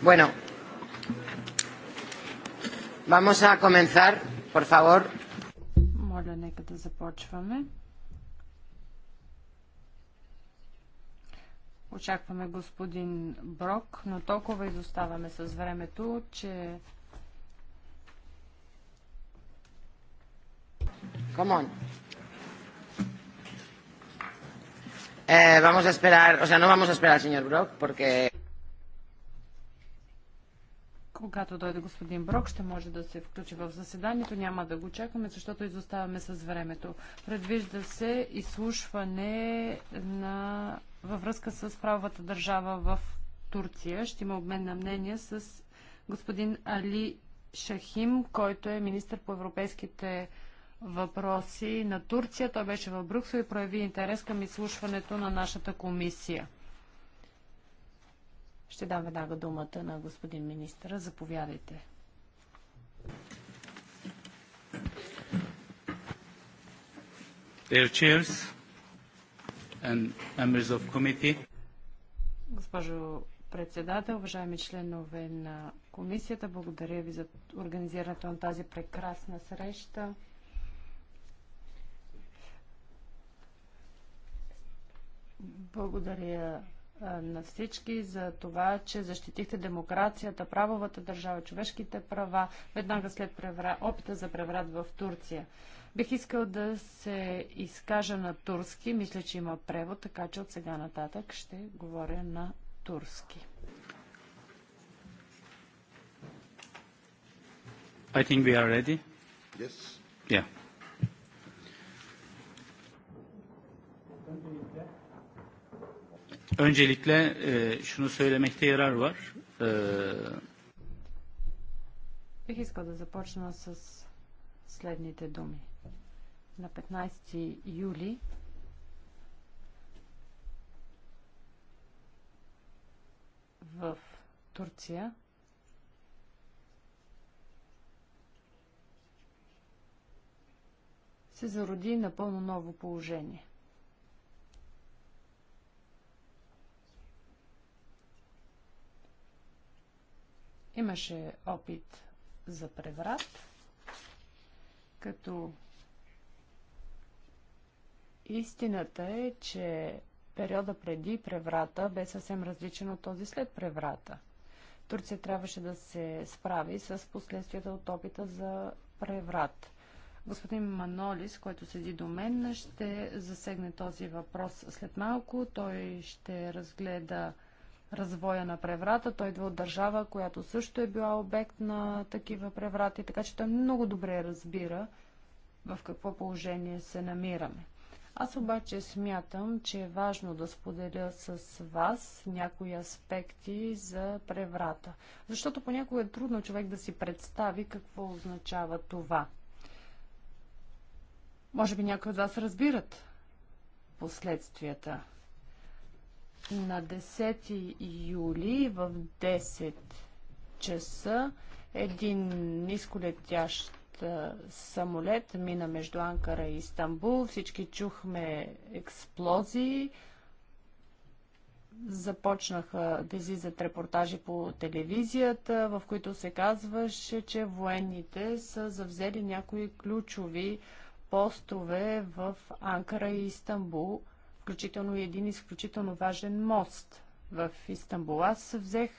Bueno, vamos a comenzar, por favor. Моля, нека да започваме. Очакваме господин Брок, но толкова изоставаме с времето, че... Come on. Eh, vamos a esperar, o sea, no vamos a esperar al señor Brock porque... Когато дойде господин Брок, ще може да се включи в заседанието. Няма да го чакаме, защото изоставаме с времето. Предвижда се изслушване на... във връзка с правовата държава в Турция. Ще има обмен на мнение с господин Али Шахим, който е министр по европейските въпроси на Турция. Той беше в Брюксел и прояви интерес към изслушването на нашата комисия. Ще дам веднага думата на господин министъра. Заповядайте. Dear chairs and members of committee. Госпожо председател, уважаеми членове на комисията, благодаря ви за организирането на тази прекрасна среща. Благодаря на всички за това, че защитихте демокрацията, правовата държава, човешките права, веднага след превра... опита за преврат в Турция. Бих искал да се изкажа на турски. Мисля, че има превод, така че от сега нататък ще говоря на турски. I think we are ready. Yes. Yeah. Öncelikle e, şunu söylemekte yarar var. E... Бих искал да започна с следните думи. На 15 юли в Турция се зароди напълно ново положение. Имаше опит за преврат, като истината е, че периода преди преврата бе съвсем различен от този след преврата. Турция трябваше да се справи с последствията от опита за преврат. Господин Манолис, който седи до мен, ще засегне този въпрос след малко. Той ще разгледа развоя на преврата. Той идва от държава, която също е била обект на такива преврати, така че той много добре разбира в какво положение се намираме. Аз обаче смятам, че е важно да споделя с вас някои аспекти за преврата, защото понякога е трудно човек да си представи какво означава това. Може би някои от вас разбират последствията на 10 юли в 10 часа един нисколетящ самолет мина между Анкара и Истанбул. Всички чухме експлозии. Започнаха да излизат репортажи по телевизията, в които се казваше, че военните са завзели някои ключови постове в Анкара и Истанбул включително и един изключително важен мост в Истанбул. Аз взех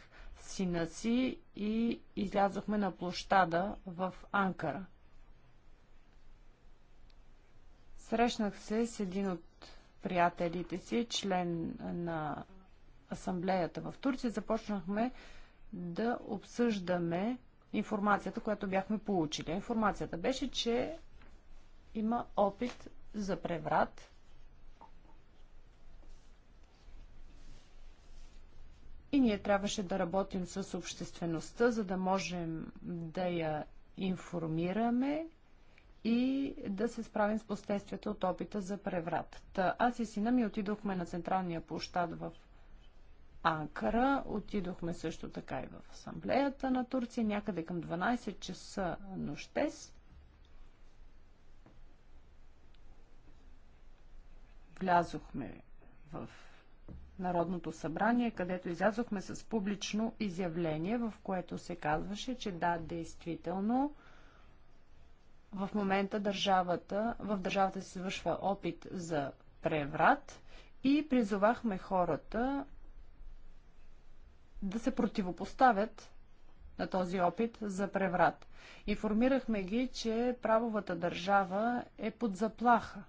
сина си и излязохме на площада в Анкара. Срещнах се с един от приятелите си, член на асамблеята в Турция. Започнахме да обсъждаме информацията, която бяхме получили. Информацията беше, че има опит за преврат Ние трябваше да работим с обществеността, за да можем да я информираме и да се справим с последствията от опита за преврат. Та, аз и сина ми отидохме на централния площад в Анкара, отидохме също така и в асамблеята на Турция, някъде към 12 часа нощес. Влязохме в Народното събрание, където излязохме с публично изявление, в което се казваше, че да, действително, в момента държавата, в държавата се извършва опит за преврат и призовахме хората да се противопоставят на този опит за преврат. Информирахме ги, че правовата държава е под заплаха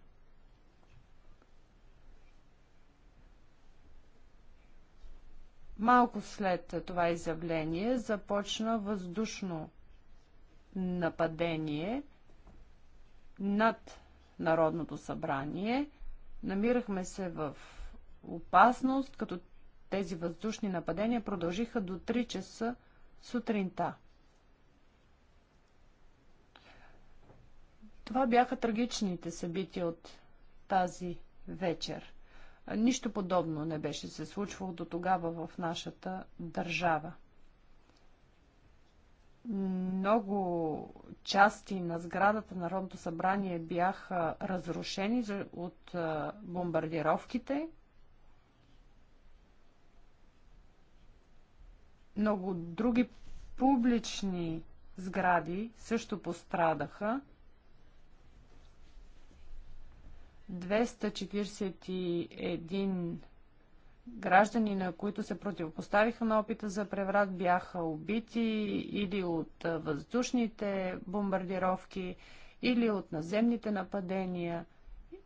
Малко след това изявление започна въздушно нападение над Народното събрание. Намирахме се в опасност, като тези въздушни нападения продължиха до 3 часа сутринта. Това бяха трагичните събития от тази вечер. Нищо подобно не беше се случвало до тогава в нашата държава. Много части на сградата на Народното събрание бяха разрушени от бомбардировките. Много други публични сгради също пострадаха. 241 граждани, на които се противопоставиха на опита за преврат, бяха убити или от въздушните бомбардировки, или от наземните нападения,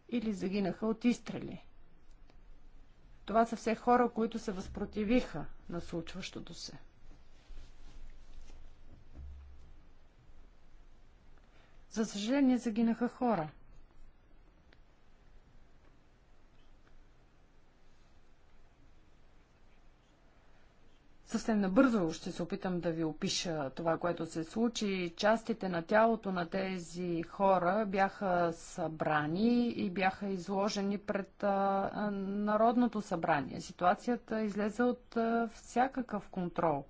или загинаха от изстрели. Това са все хора, които се възпротивиха на случващото се. За съжаление загинаха хора – Съвсем набързо ще се опитам да ви опиша това, което се случи. Частите на тялото на тези хора бяха събрани и бяха изложени пред а, Народното събрание. Ситуацията излезе от а, всякакъв контрол.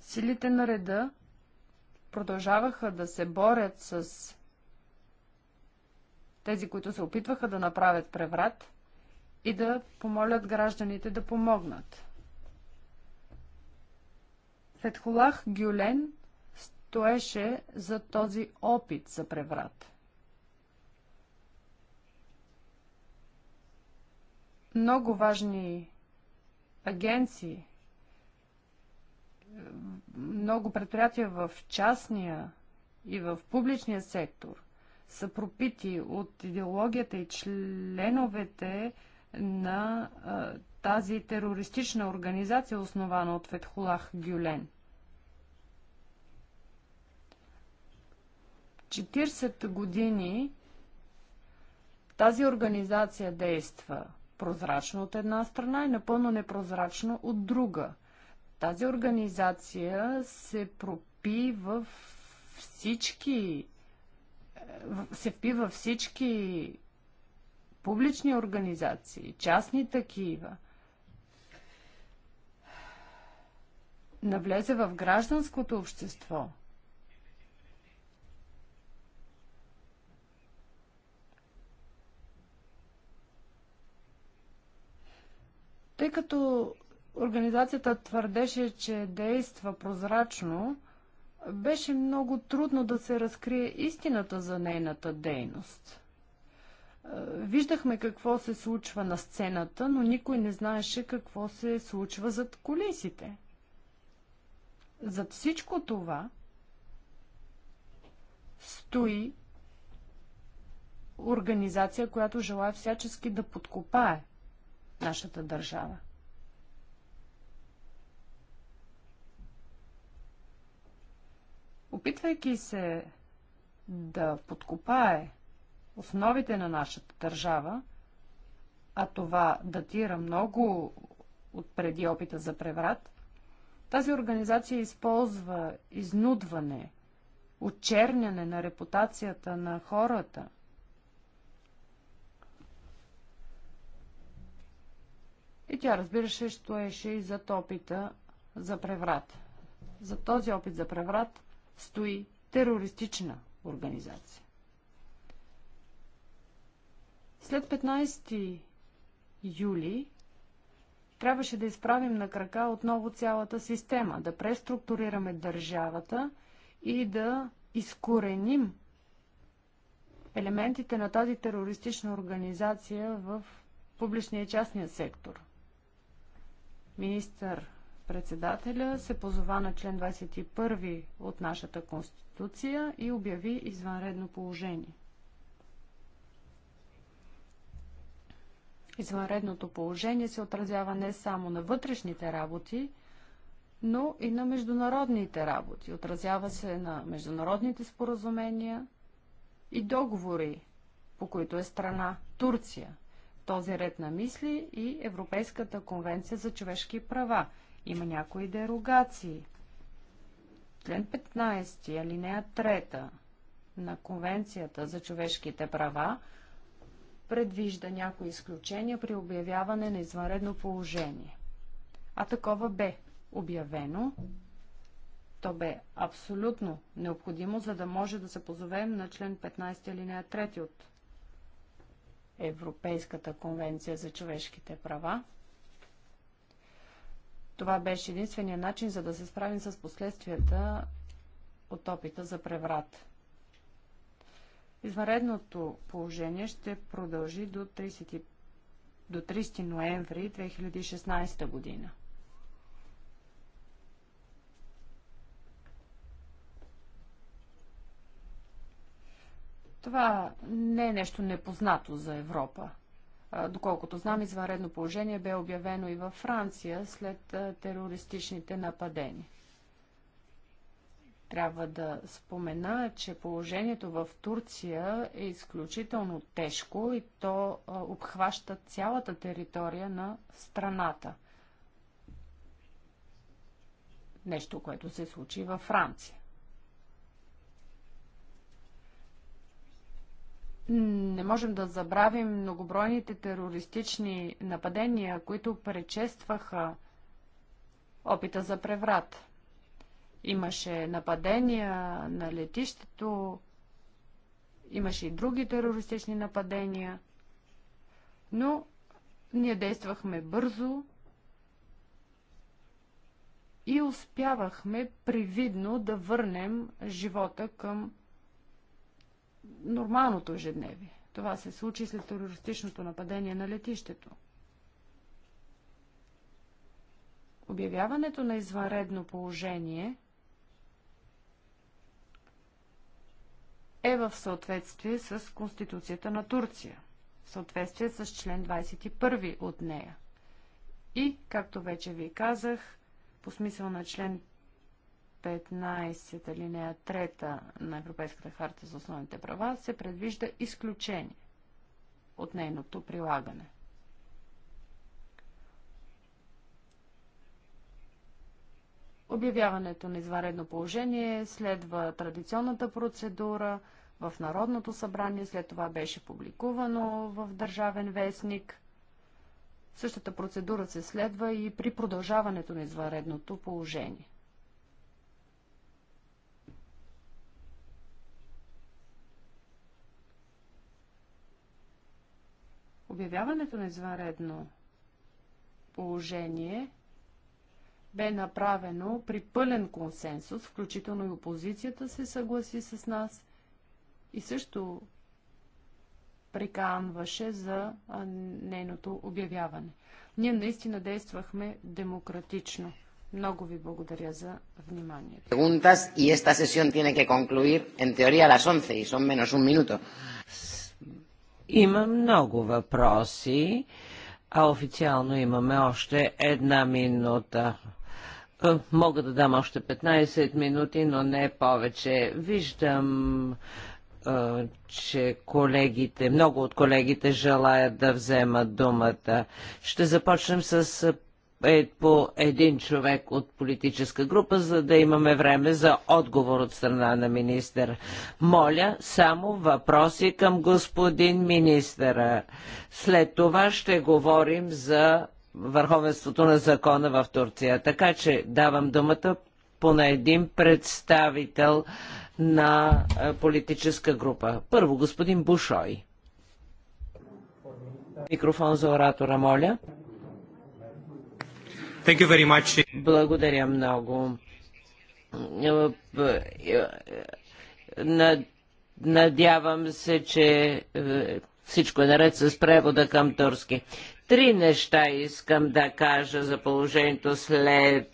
Силите на реда продължаваха да се борят с тези, които се опитваха да направят преврат – и да помолят гражданите да помогнат. Фетхулах Гюлен стоеше за този опит за преврат. Много важни агенции, много предприятия в частния и в публичния сектор са пропити от идеологията и членовете на а, тази терористична организация, основана от Фетхулах Гюлен. 40 години тази организация действа прозрачно от една страна и напълно непрозрачно от друга. Тази организация се пропи в всички се впи във всички публични организации, частни такива, навлезе в гражданското общество. Тъй като организацията твърдеше, че действа прозрачно, беше много трудно да се разкрие истината за нейната дейност. Виждахме какво се случва на сцената, но никой не знаеше какво се случва зад колесите. Зад всичко това стои организация, която желая всячески да подкопае нашата държава. Опитвайки се да подкопае основите на нашата държава, а това датира много от преди опита за преврат, тази организация използва изнудване, очерняне на репутацията на хората. И тя разбираше, що еше и зад опита за преврат. За този опит за преврат стои терористична организация. След 15 юли трябваше да изправим на крака отново цялата система, да преструктурираме държавата и да изкореним елементите на тази терористична организация в публичния и частния сектор. Министър председателя се позова на член 21 от нашата конституция и обяви извънредно положение. Извънредното положение се отразява не само на вътрешните работи, но и на международните работи. Отразява се на международните споразумения и договори, по които е страна Турция. Този ред на мисли и Европейската конвенция за човешки права. Има някои дерогации. Член 15, алинея 3 на Конвенцията за човешките права предвижда някои изключения при обявяване на извънредно положение. А такова бе обявено. То бе абсолютно необходимо, за да може да се позовем на член 15 линия 3 от Европейската конвенция за човешките права. Това беше единствения начин, за да се справим с последствията от опита за преврат. Извънредното положение ще продължи до 30, до 30 ноември 2016 година. Това не е нещо непознато за Европа. Доколкото знам, извънредно положение бе обявено и във Франция след терористичните нападения. Трябва да спомена, че положението в Турция е изключително тежко и то обхваща цялата територия на страната. Нещо, което се случи във Франция. не можем да забравим многобройните терористични нападения, които пречестваха опита за преврат. Имаше нападения на летището, имаше и други терористични нападения, но ние действахме бързо и успявахме привидно да върнем живота към нормалното ежедневие. Това се случи след терористичното нападение на летището. Обявяването на извънредно положение – е в съответствие с Конституцията на Турция, в съответствие с член 21 от нея. И, както вече ви казах, по смисъл на член 15 алинея 3 на Европейската харта за основните права се предвижда изключение от нейното прилагане. Обявяването на изваредно положение следва традиционната процедура – в Народното събрание, след това беше публикувано в Държавен вестник. Същата процедура се следва и при продължаването на извънредното положение. Обявяването на извънредно положение бе направено при пълен консенсус, включително и опозицията се съгласи с нас – и също приканваше за нейното обявяване. Ние наистина действахме демократично. Много ви благодаря за вниманието. Preguntas esta sesión tiene que concluir en teoría a las 11 y son menos un minuto. Има много въпроси, а официално имаме още една минута. Е, мога да дам още 15 минути, но не повече. Виждам че колегите, много от колегите желаят да вземат думата. Ще започнем с е, по един човек от политическа група, за да имаме време за отговор от страна на министър. Моля, само въпроси към господин министъра. След това ще говорим за върховенството на закона в Турция. Така че давам думата по на един представител на политическа група. Първо, господин Бушой. Микрофон за оратора, моля. Thank you very much. Благодаря много. Е, е, е, надявам се, че всичко е наред с превода към турски. Три неща искам да кажа за положението след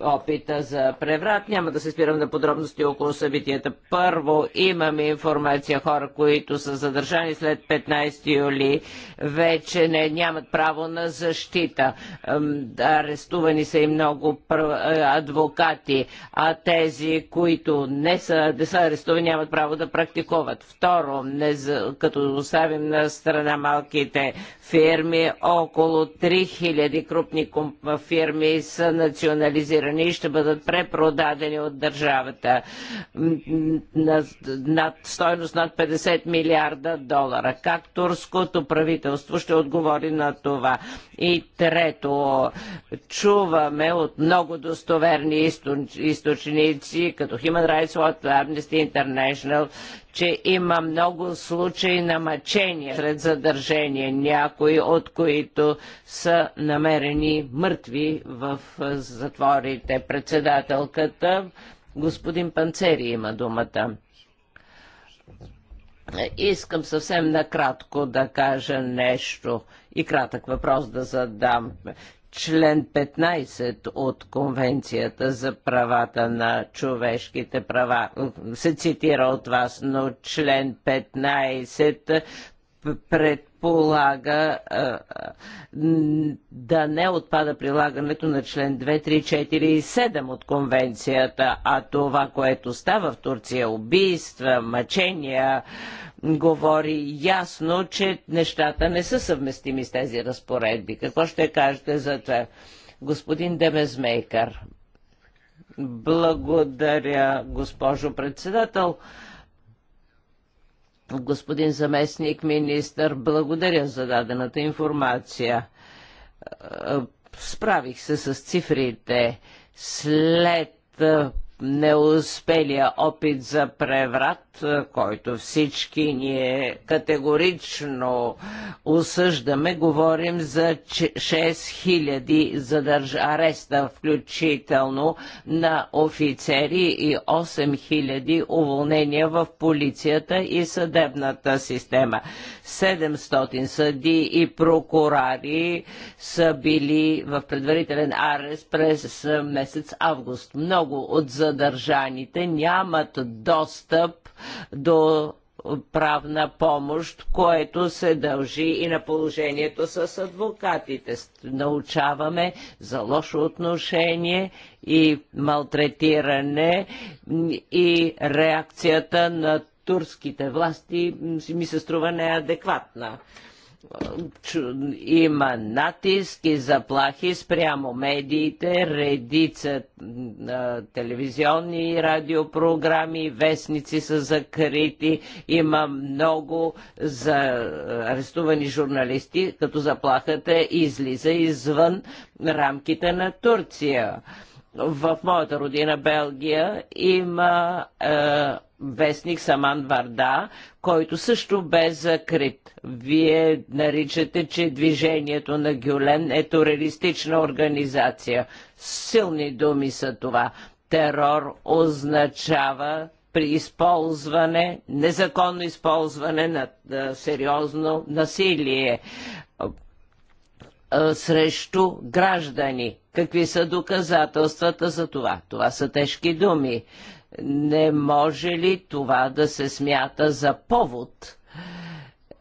опита за преврат. Няма да се спирам на подробности около събитията. Първо, имаме информация хора, които са задържани след 15 юли, вече не, нямат право на защита. Арестувани са и много адвокати, а тези, които не са, не са арестувани, нямат право да практикуват. Второ, не, като оставим на страна малките фирми, около 3000 крупни фирми са национализирани страни ще бъдат препродадени от държавата на над, стойност над 50 милиарда долара. Как турското правителство ще отговори на това? И трето, чуваме от много достоверни източници, като Human Rights Watch, Amnesty International, че има много случаи на мъчения сред задържения, някои от които са намерени мъртви в е, затвори коментарите. Председателката, господин Панцери има думата. Искам съвсем накратко да кажа нещо и кратък въпрос да задам. Член 15 от Конвенцията за правата на човешките права се цитира от вас, но член 15 предполага да не отпада прилагането на член 2, 3, 4 и 7 от конвенцията, а това, което става в Турция, убийства, мъчения, говори ясно, че нещата не са съвместими с тези разпоредби. Какво ще кажете за това? Господин Демезмейкър. Благодаря, госпожо председател. Господин заместник министър, благодаря за дадената информация. Е, справих се с цифрите. След е, неуспелия опит за преврат който всички ние категорично осъждаме. Говорим за 6000 задърж... ареста, включително на офицери и 8000 уволнения в полицията и съдебната система. 700 съди и прокурари са били в предварителен арест през месец август. Много от задържаните нямат достъп до правна помощ, което се дължи и на положението с адвокатите. Научаваме за лошо отношение и малтретиране и реакцията на турските власти ми се струва неадекватна има натиск и заплахи спрямо медиите, редица телевизионни и радиопрограми, вестници са закрити, има много за арестувани журналисти, като заплахата излиза извън рамките на Турция в моята родина Белгия има е, вестник Саман Варда, който също бе закрит. Вие наричате, че движението на Гюлен е туристична организация. Силни думи са това. Терор означава при използване, незаконно използване на, на сериозно насилие срещу граждани. Какви са доказателствата за това? Това са тежки думи. Не може ли това да се смята за повод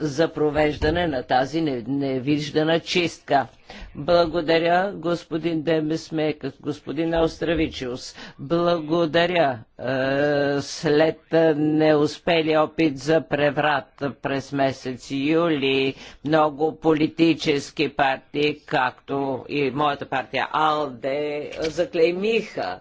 за провеждане на тази невиждана чистка. Благодаря, господин Демесмекъс, господин Остравичиус. Благодаря е, след неуспели опит за преврат през месец юли. Много политически партии, както и моята партия АЛДЕ, заклеймиха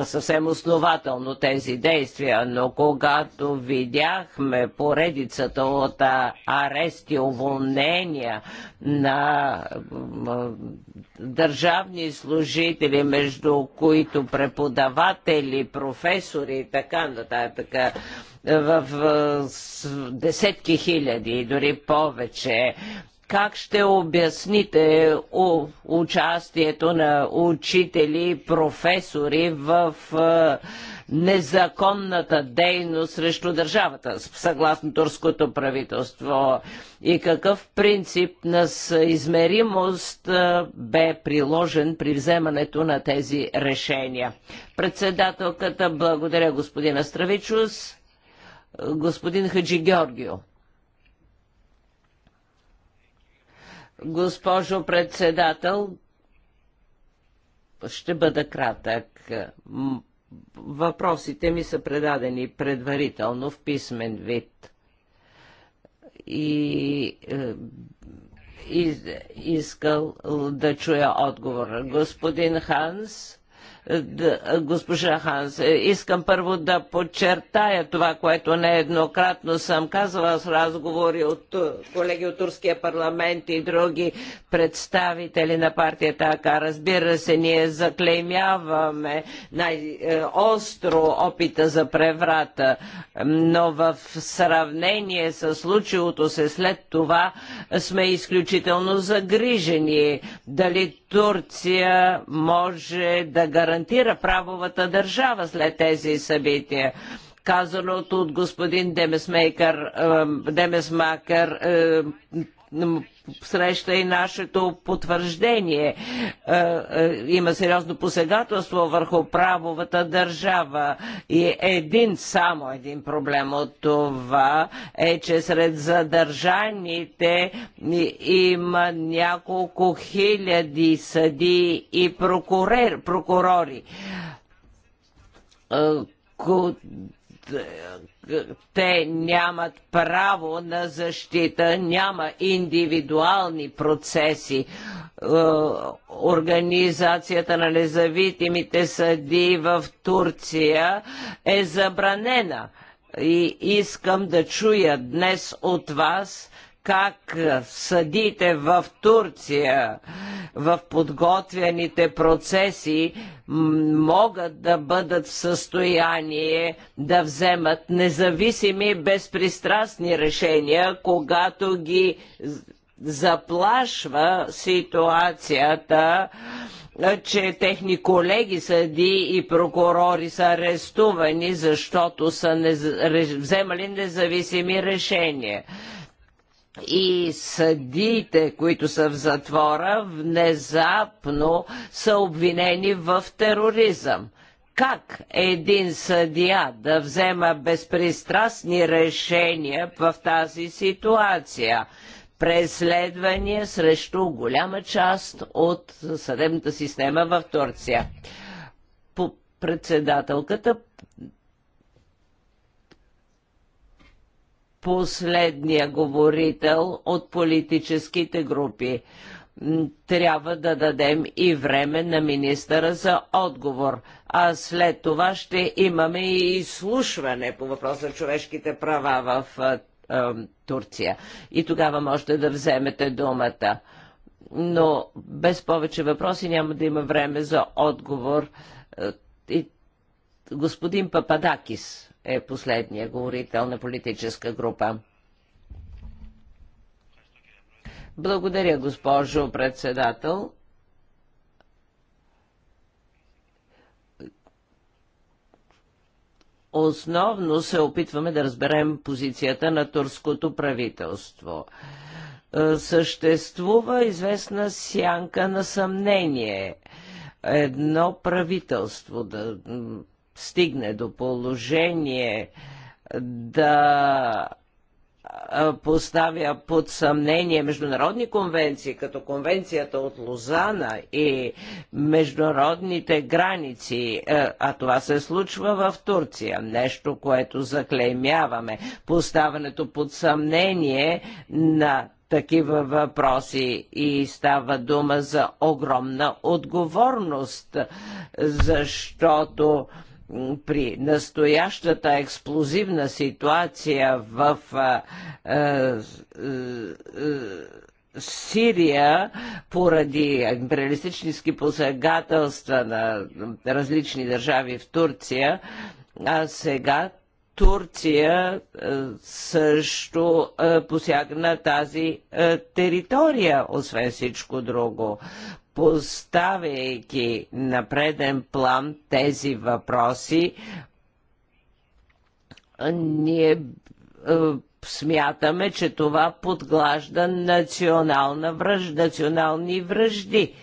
е, съвсем основателно тези действия, но когато видяхме поредицата от е, арести, уволнения на държавни служители, между които преподаватели, професори и така нататък в десетки хиляди и дори повече. Как ще обясните участието на учители и професори в незаконната дейност срещу държавата, съгласно турското правителство, и какъв принцип на измеримост бе приложен при вземането на тези решения. Председателката, благодаря господина Стравичус, господин Хаджи Георгио. Госпожо председател, ще бъда кратък. Въпросите ми са предадени предварително в писмен вид. И е, и искал да чуя отговор. Господин Ханс, госпожа Ханс. Искам първо да подчертая това, което нееднократно съм казала с разговори от колеги от Турския парламент и други представители на партията АК. Разбира се, ние заклеймяваме най-остро опита за преврата, но в сравнение с случилото се след това сме изключително загрижени дали Турция може да гарантира гарантира правовата държава след тези събития казаното от господин Демесмейкър, Демесмакър среща и нашето потвърждение. Е, е, има сериозно посегателство върху правовата държава. И един, само един проблем от това е, че сред задържаните има няколко хиляди съди и прокурер, прокурори е, те нямат право на защита, няма индивидуални процеси. Е, Организацията на независимите съди в Турция е забранена. И искам да чуя днес от вас как е, съдите в Турция в подготвяните процеси могат да бъдат в състояние да вземат независими, безпристрастни решения, когато ги заплашва ситуацията, е, че техни колеги съди и прокурори са арестувани, защото са не... вземали независими решения и съдиите, които са в затвора, внезапно са обвинени в тероризъм. Как един съдия да взема безпристрастни решения в тази ситуация? Преследвания срещу голяма част от съдебната система в Турция. По председателката последния говорител от политическите групи. Трябва да дадем и време на министъра за отговор, а след това ще имаме и изслушване по въпроса за човешките права в Турция. И тогава можете да вземете думата. Но без повече въпроси няма да има време за отговор. И господин Пападакис е последния говорител на политическа група. Благодаря, госпожо председател. Основно се опитваме да разберем позицията на турското правителство. Е, съществува известна сянка на съмнение. Едно правителство да стигне до положение да поставя под съмнение международни конвенции, като конвенцията от Лозана и международните граници, е, а това се случва в Турция, нещо, което заклеймяваме. Поставянето под съмнение на такива въпроси и става дума за огромна отговорност, защото при настоящата експлозивна ситуация в а, а, а, Сирия поради империалистически посегателства на различни държави в Турция, а сега Турция също посягна тази територия, освен всичко друго поставяйки на преден план тези въпроси, ние е, смятаме, че това подглажда национална връж, национални връжди.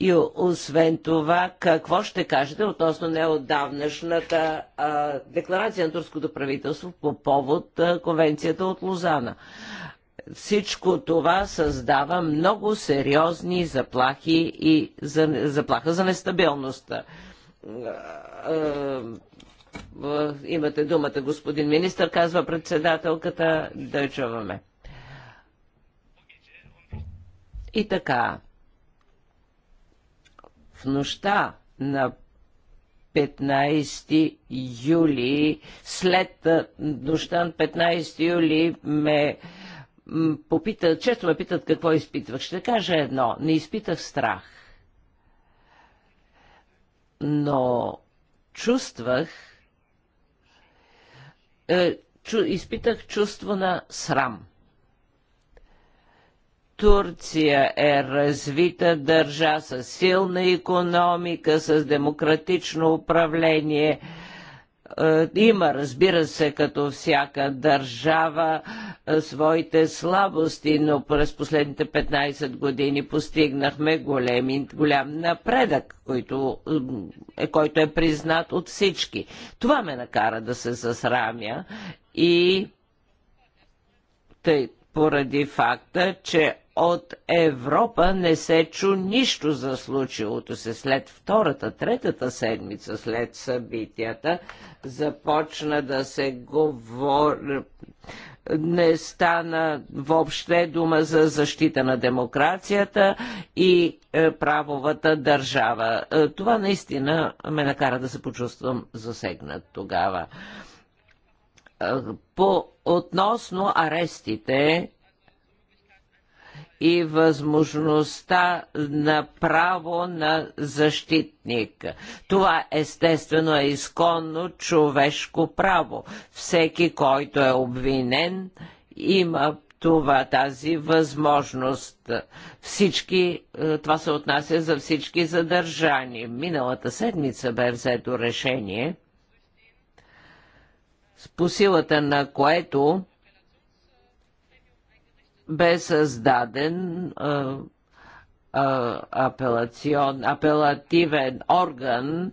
И освен това, какво ще кажете относно неодавнашната а, декларация на турското правителство по повод а, конвенцията от Лозана? Всичко това създава много сериозни заплахи и за, заплаха за нестабилността. Имате думата, господин министр, казва председателката, да чуваме. И така, в нощта на 15 юли, след нощта на 15 юли ме попита, често ме питат какво изпитвах. Ще кажа едно. Не изпитах страх. Но чувствах, е, чу, изпитах чувство на срам. Турция е развита държа с силна економика, с демократично управление, е, има, разбира се, като всяка държава, е, своите слабости, но през последните 15 години постигнахме голем, голям напредък, който, е, който е признат от всички. Това ме накара да се засрамя и тъй, поради факта, че от Европа не се чу нищо за случилото се. След втората, третата седмица, след събитията, започна да се говори не стана въобще дума за защита на демокрацията и е, правовата държава. Е, това наистина ме накара да се почувствам засегнат тогава. Е, По, относно арестите, и възможността на право на защитник. Това естествено е изконно човешко право. Всеки, който е обвинен, има това, тази възможност. Всички, е, това се отнася за всички задържани. Миналата седмица бе взето решение, по силата на което бе създаден а, а, апелацион, апелативен орган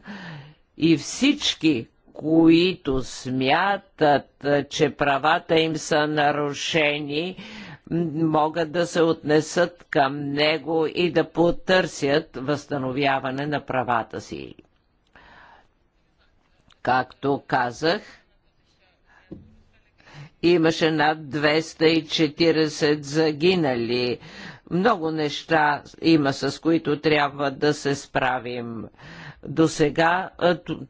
и всички, които смятат, че правата им са нарушени, могат да се отнесат към него и да потърсят възстановяване на правата си. Както казах, Имаше над 240 загинали. Много неща има, с които трябва да се справим. До сега,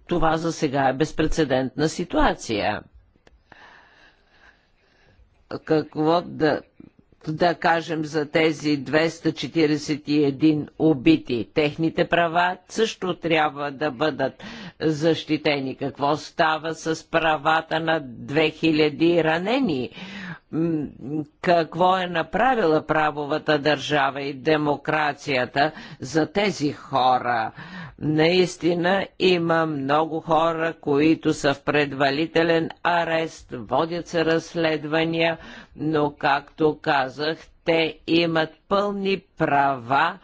това за сега е безпредседентна ситуация. Какво да, да кажем за тези 241 убити. Техните права също трябва да бъдат защитени? Какво става с правата на 2000 ранени? Какво е направила правовата държава и демокрацията за тези хора? Наистина има много хора, които са в предвалителен арест, водят се разследвания, но както казах, те имат пълни права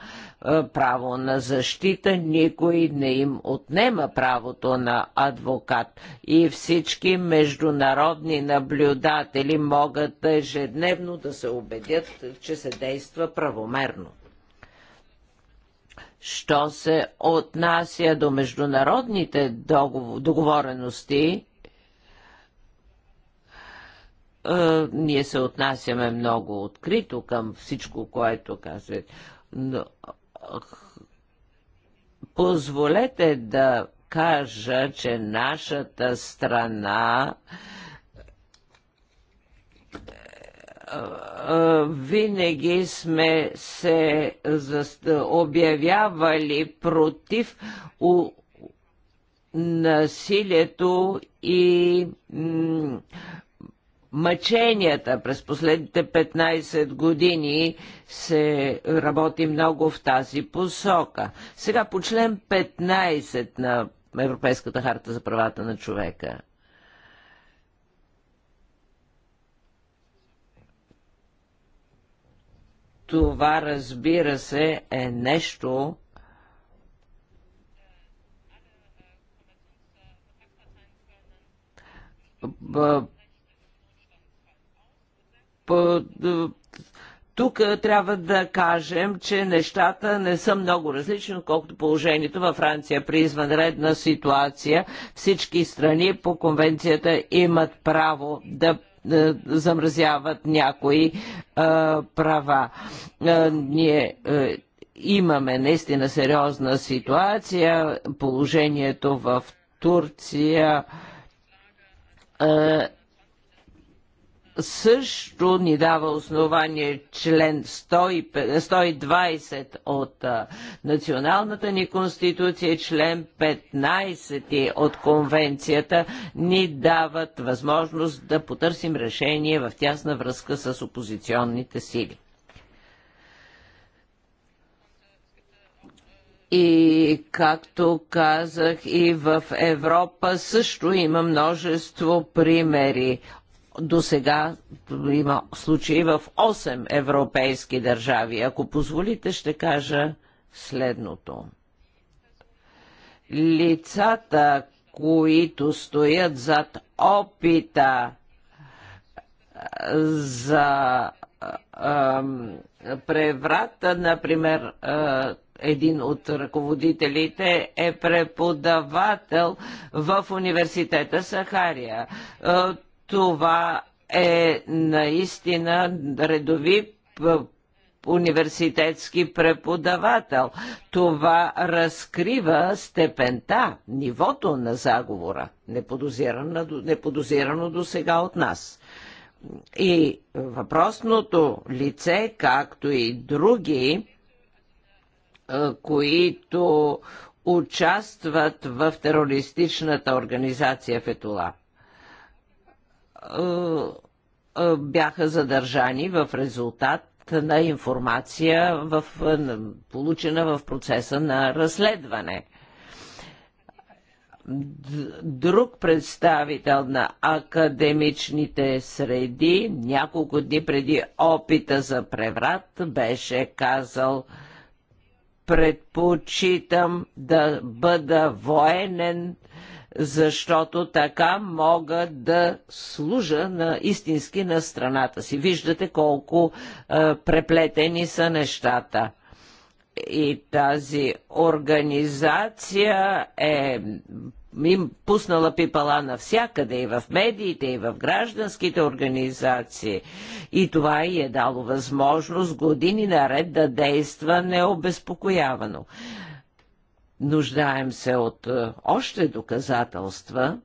право на защита, никой не им отнема правото на адвокат. И всички международни наблюдатели могат ежедневно да се убедят, че се действа правомерно. Що се отнася до международните договорености, ние се отнасяме много открито към всичко, което казват позволете да кажа, че нашата страна е, е, винаги сме се обявявали против насилието и мъченията през последните 15 години се работи много в тази посока. Сега по член 15 на Европейската харта за правата на човека. Това, разбира се, е нещо, по тук трябва да кажем, че нещата не са много различни, отколкото положението във Франция при извънредна ситуация. Всички страни по конвенцията имат право да е, замразяват някои а, е, права. А, е, ние а, имаме наистина сериозна ситуация. Положението в Турция а, също ни дава основание член 120 от националната ни конституция, член 15 от конвенцията ни дават възможност да потърсим решение в тясна връзка с опозиционните сили. И както казах, и в Европа също има множество примери до сега има случаи в 8 европейски държави. Ако позволите, ще кажа следното. Лицата, които стоят зад опита за преврата, например, един от ръководителите е преподавател в университета Сахария. Това е наистина редови университетски преподавател. Това разкрива степента, нивото на заговора, неподозирано, неподозирано до сега от нас. И въпросното лице, както и други, е, които участват в терористичната организация Фетулап. Е, е, бяха задържани в резултат на информация, в, получена в процеса на разследване. Друг представител на академичните среди, няколко дни преди опита за преврат, беше казал предпочитам да бъда военен защото така мога да служа на истински на страната си. Виждате колко а, е, преплетени са нещата. И тази организация е им пуснала пипала навсякъде, и в медиите, и в гражданските организации. И това и е дало възможност години наред да действа необезпокоявано. Нуждаем се от е, още доказателства,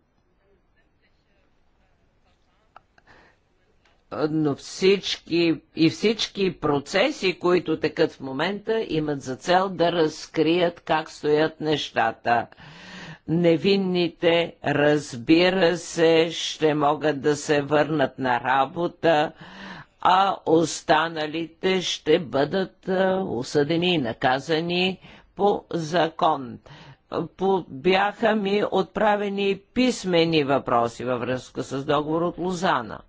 но всички и всички процеси, които текат в момента, имат за цел да разкрият как стоят нещата. Невинните, разбира се, ще могат да се върнат на работа, а останалите ще бъдат е, осъдени и наказани по закон. По, бяха ми отправени писмени въпроси във връзка с договор от Лозана.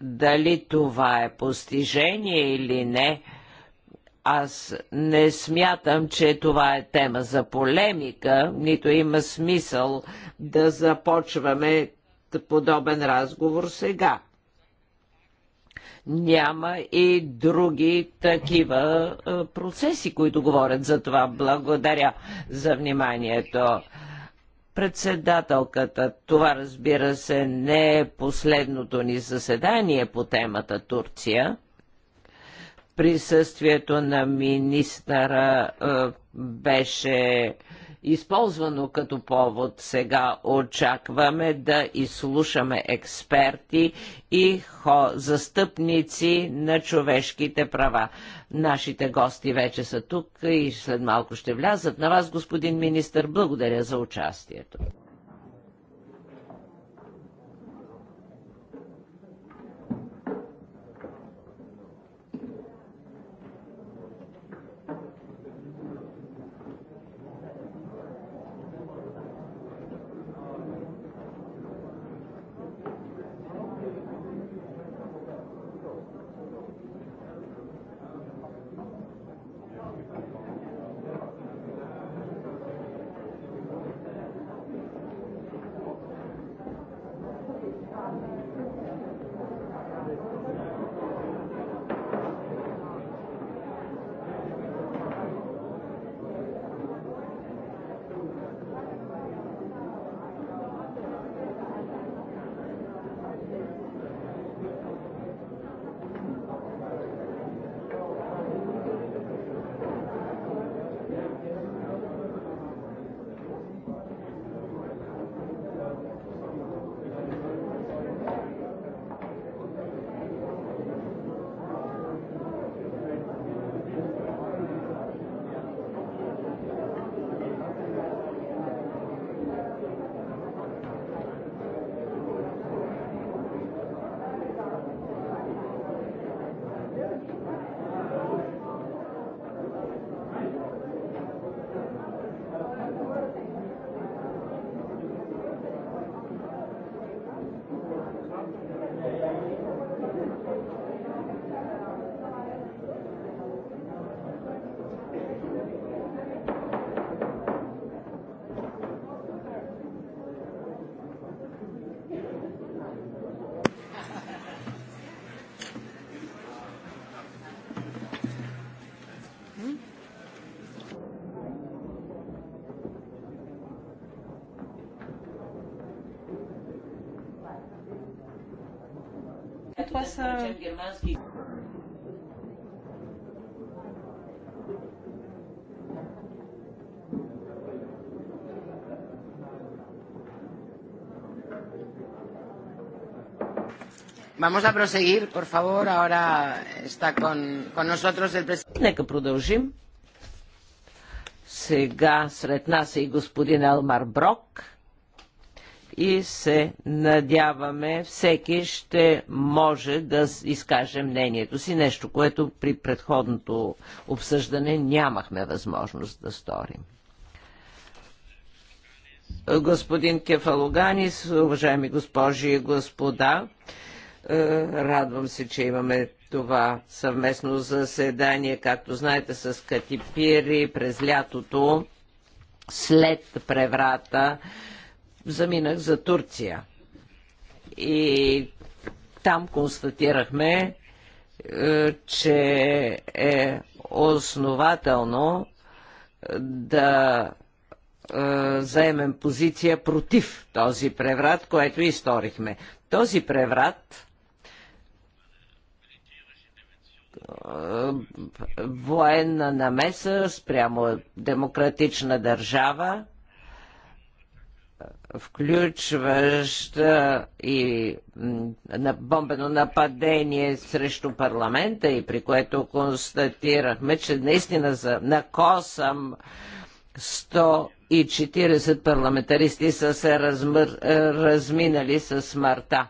Дали това е постижение или не, аз не смятам, че това е тема за полемика, нито има смисъл да започваме подобен разговор сега няма и други такива процеси, които говорят за това. Благодаря за вниманието председателката. Това, разбира се, не е последното ни заседание по темата Турция. Присъствието на министъра беше използвано като повод. Сега очакваме да изслушаме експерти и хо, застъпници на човешките права. Нашите гости вече са тук и след малко ще влязат. На вас, господин министр, благодаря за участието. германски. Vamos a proseguir, por favor. Ahora está con, con nosotros el presidente. Нека продължим. Сега сред нас е и господин Елмар Брок и се надяваме всеки ще може да изкаже мнението си, нещо, което при предходното обсъждане нямахме възможност да сторим. Господин Кефалоганис, уважаеми госпожи и господа, е, радвам се, че имаме това съвместно заседание, както знаете, с Катипири през лятото след преврата заминах за Турция. И там констатирахме, е, че е основателно да е, заемем позиция против този преврат, което изторихме. Този преврат е, военна намеса спрямо демократична държава включваща и на бомбено нападение срещу парламента и при което констатирахме, че наистина за, на косъм 140 парламентаристи са се размър, е, разминали с смъртта.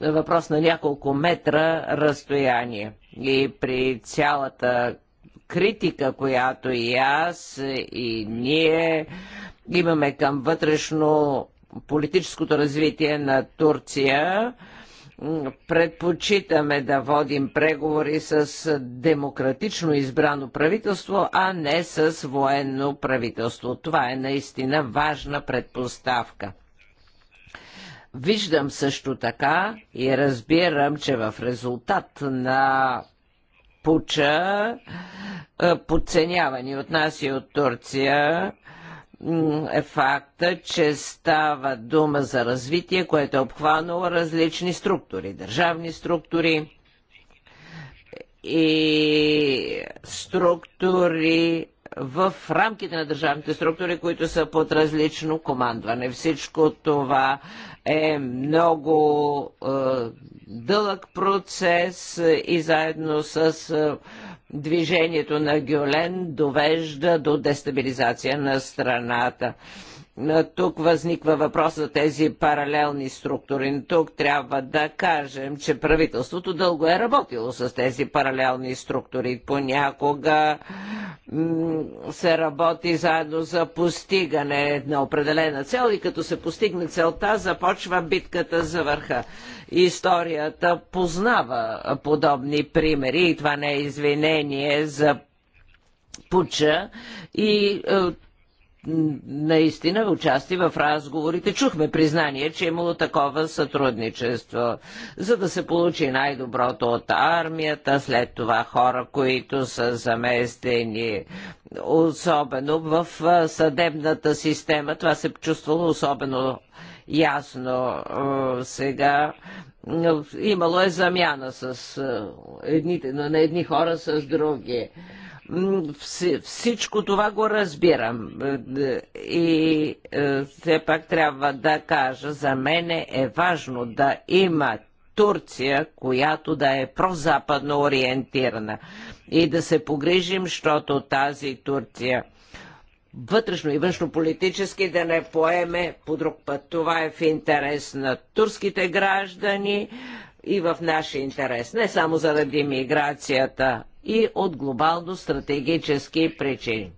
Въпрос на няколко метра разстояние. И при цялата критика, която и аз, и ние имаме към вътрешно политическото развитие на Турция. Предпочитаме да водим преговори с демократично избрано правителство, а не с военно правителство. Това е наистина важна предпоставка. Виждам също така и разбирам, че в резултат на пуча, е, подценявани от нас и от Турция, е факта, че става дума за развитие, което е обхванало различни структури, държавни структури и структури в рамките на държавните структури, които са под различно командване. Всичко това е много е, дълъг процес и заедно с е, движението на Гюлен довежда до дестабилизация на страната. Тук възниква въпрос за тези паралелни структури. Тук трябва да кажем, че правителството дълго е работило с тези паралелни структури. Понякога се работи заедно за постигане на определена цел и като се постигне целта, започва битката за върха. Историята познава подобни примери и това не е извинение за пуча и е, наистина участие в разговорите. Чухме признание, че е имало такова сътрудничество, за да се получи най-доброто от армията, след това хора, които са заместени, особено в е, съдебната система. Това се чувствало особено ясно сега. Имало е замяна с едните, на едни хора с други всичко това го разбирам. Е, и е, все пак трябва да кажа, за мен е важно да има Турция, която да е прозападно ориентирана и да се погрижим, защото тази Турция вътрешно и външно политически да не поеме по друг път. Това е в интерес на турските граждани и в наш интерес, не само заради миграцията и от глобално стратегически причини.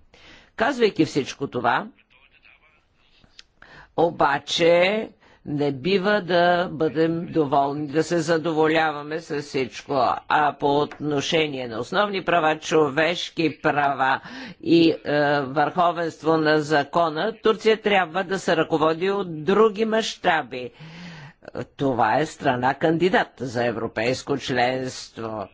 Казвайки всичко това, обаче не бива да бъдем доволни, да се задоволяваме с всичко. А по отношение на основни права, човешки права и е, върховенство на закона, Турция трябва да се ръководи от други мащаби. Това е страна кандидат за европейско членство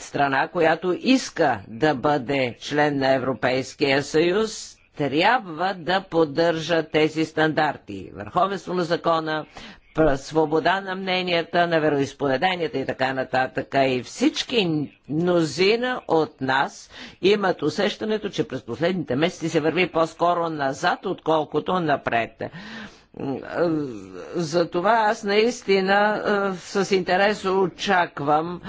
страна, която иска да бъде член на Европейския съюз, трябва да поддържа тези стандарти. Върховенство на закона, свобода на мненията, на вероисповеданията и така нататък. И всички мнозина от нас имат усещането, че през последните месеци се върви по-скоро назад, отколкото напред. Затова аз наистина с интерес очаквам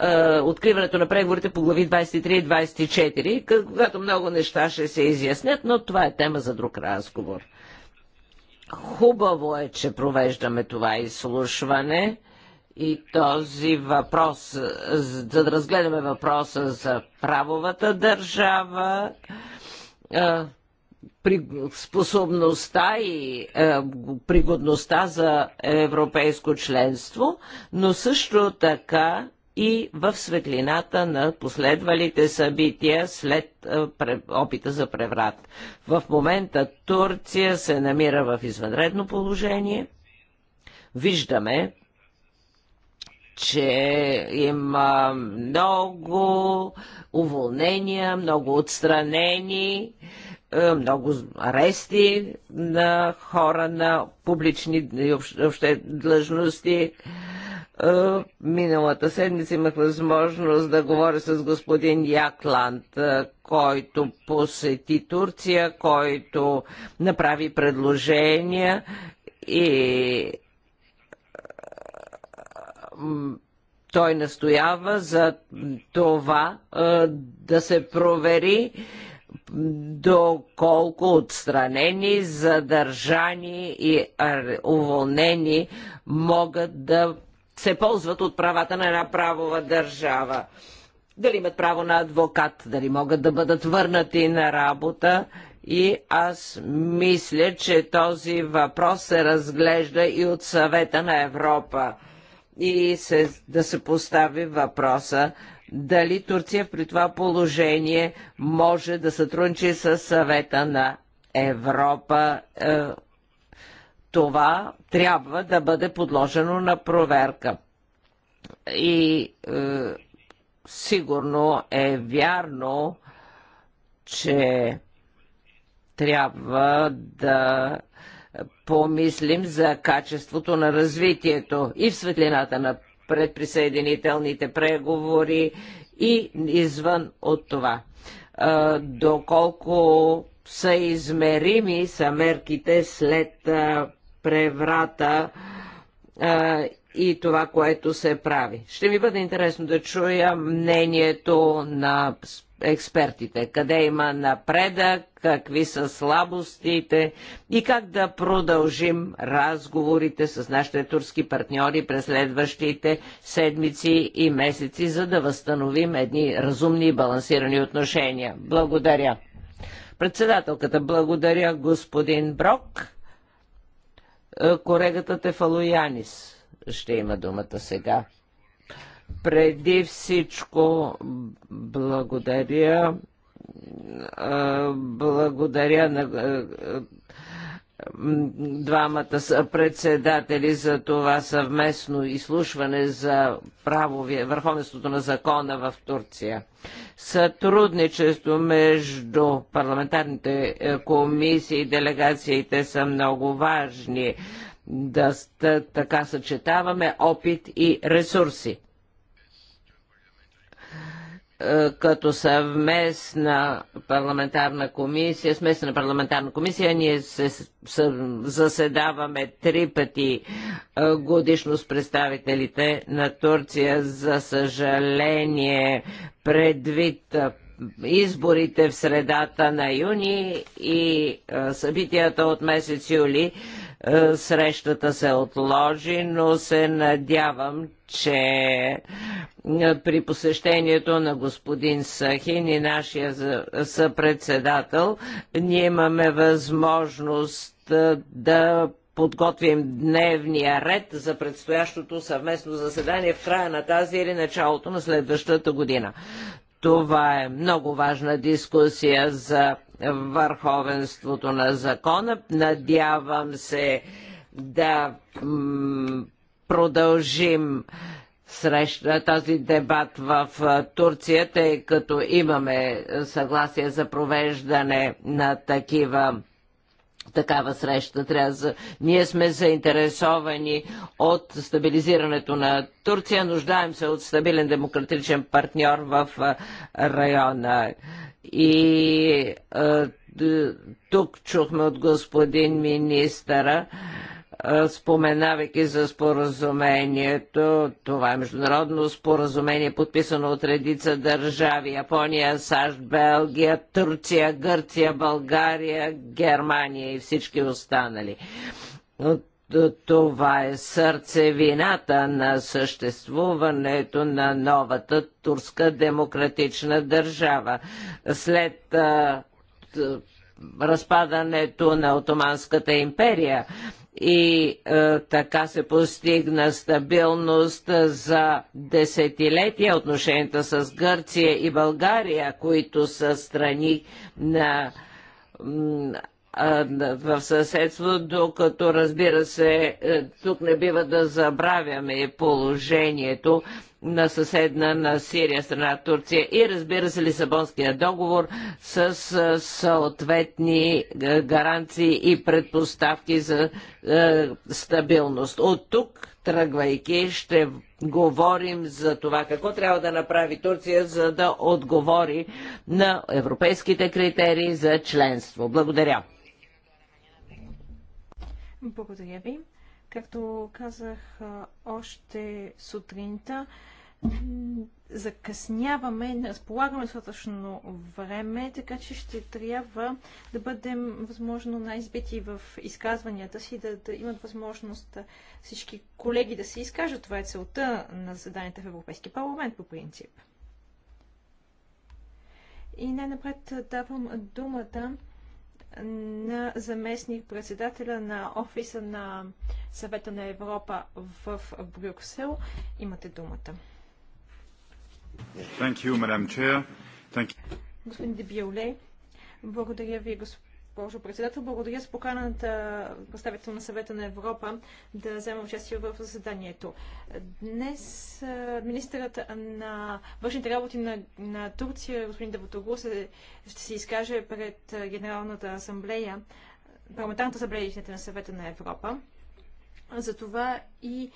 е, откриването на преговорите по глави 23 и 24, когато много неща ще се изяснят, но това е тема за друг разговор. Хубаво е, че провеждаме това изслушване и този въпрос, е, за да разгледаме въпроса за правовата държава, е, при способността и пригодността за европейско членство, но също така и в светлината на последвалите събития след е, опита за преврат. В момента Турция се намира в извънредно положение. Виждаме, че има много уволнения, много отстранени, е, много арести на хора на публични обще, длъжности. Общ, е, миналата седмица имах възможност да говоря с господин Якланд, е, който посети Турция, който направи предложения и е, той настоява за това да се провери доколко отстранени, задържани и уволнени могат да се ползват от правата на една правова държава. Дали имат право на адвокат, дали могат да бъдат върнати на работа. И аз мисля, че този въпрос се разглежда и от съвета на Европа. И се, да се постави въпроса дали Турция при това положение може да сътрудничи с съвета на Европа е, това трябва да бъде подложено на проверка. И е, сигурно е вярно, че трябва да помислим за качеството на развитието и в светлината на предприсъединителните преговори и извън от това. Е, доколко са измерими са мерките след е, преврата а, и това, което се прави. Ще ми бъде интересно да чуя мнението на експертите, къде има напредък, какви са слабостите и как да продължим разговорите с нашите турски партньори през следващите седмици и месеци, за да възстановим едни разумни и балансирани отношения. Благодаря. Председателката, благодаря господин Брок. Е, Корегата Тефалоянис ще има думата сега. Преди всичко благодаря е, благодаря на е, двамата са председатели за това съвместно изслушване за правове, върховенството на закона в Турция. Сътрудничество между парламентарните е, комисии и делегациите са много важни. Да така съчетаваме опит и ресурси. Е, като съвместна парламентарна комисия, смесена парламентарна комисия, ние се, се, заседаваме три пъти е, годишно с представителите на Турция. За съжаление, предвид е, изборите в средата на юни и събитията от месец юли, е, срещата се отложи, но се надявам, че е, при посещението на господин Сахин и нашия съпредседател ние имаме възможност е, да подготвим дневния ред за предстоящото съвместно заседание в края на тази или началото на следващата година. Това е много важна дискусия за върховенството на закона. Надявам се да продължим среща, този дебат в Турция, тъй като имаме съгласие за провеждане на такива такава среща. Трябва за... Ние сме заинтересовани от стабилизирането на Турция, нуждаем се от стабилен демократичен партньор в района. И тук чухме от господин министъра, споменавайки за споразумението. Това е международно споразумение, подписано от редица държави. Япония, САЩ, Белгия, Турция, Гърция, България, Германия и всички останали. Това е сърцевината на съществуването на новата турска демократична държава. След разпадането на Отоманската империя и е, така се постигна стабилност за десетилетия отношенията с Гърция и България, които са страни на в съседство, докато разбира се, е, тук не бива да забравяме положението на съседна на Сирия страна Турция и разбира се Лисабонския договор с е, съответни е, гаранции и предпоставки за стабилност. От тук тръгвайки ще говорим за това какво трябва да направи Турция, за да отговори на европейските критерии за членство. Благодаря. Благодаря ви. Както казах още сутринта, закъсняваме, не разполагаме достатъчно време, така че ще трябва да бъдем възможно най-избити в изказванията си, да, да имат възможност всички колеги да се изкажат. Това е целта на заданията в Европейския парламент по принцип. И най-напред давам думата на заместник-председателя на офиса на съвета на Европа в Брюксел. Имате думата. You, Господин Дебиоле, благодаря ви, господин госпожо председател. Благодаря за поканата представител на съвета на Европа да вземе участие в заседанието. Днес министърът на външните работи на, на Турция, господин Давутоглу, ще се изкаже пред Генералната асамблея, парламентарната асамблея на съвета на Европа. За това и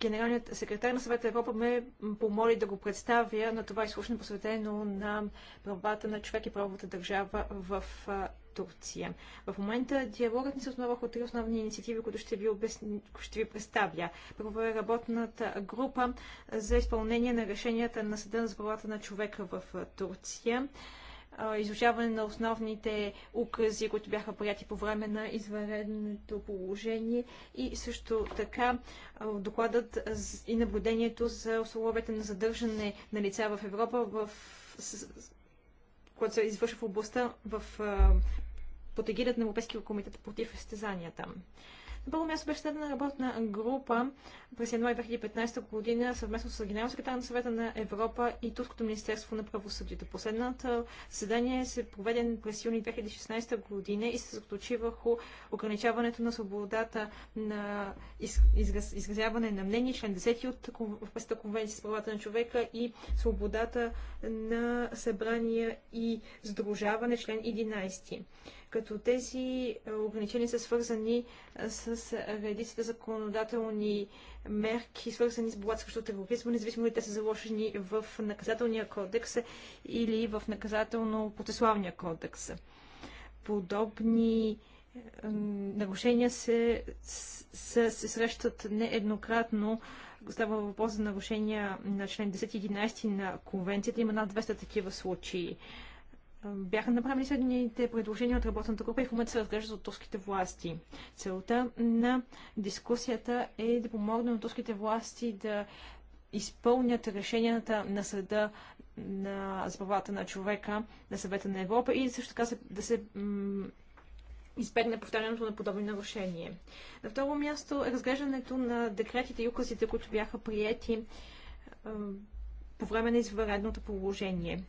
Генералният секретар на съвета Европа ме помоли да го представя на това изслушане посветено на правата на човек и правовата държава в Турция. В момента диалогът ни се основа върху три основни инициативи, които ще ви, обясни, ще ви представя. Първо е работната група за изпълнение на решенията на Съда за правата на човека в Турция изучаване на основните укази, които бяха прияти по време на извънредното положение и също така докладът и наблюдението за условията на задържане на лица в Европа, в, което се извършва в областта в под егидът на Европейския комитет против състезанията. На първо място беше създадена работна група през януари 2015 година съвместно с Генерал секретар на съвета на Европа и Турското министерство на правосъдието. Последното заседание се проведе през юни 2016 година и се заключи върху ограничаването на свободата на из, израз, изразяване на мнение, член 10 от Европейската конвенция с правата на човека и свободата на събрания и сдружаване, член 11. Като тези е, ограничения са свързани с с редиците законодателни мерки, свързани с борбата срещу тероризма, независимо ли те са заложени в наказателния кодекс или в наказателно-процесуалния кодекс. Подобни нарушения се, се, се срещат нееднократно. Става въпрос за нарушения на член 10-11 на конвенцията. Има над 200 такива случаи бяха направени следните предложения от работната група и в момента се разглеждат от турските власти. Целта на дискусията е да помогне на турските власти да изпълнят решенията на съда на правата на човека, на съвета на Европа и също така да се избегне повтарянето на подобни нарушения. На второ място е разглеждането на декретите и указите, които бяха приети по време на извънредното положение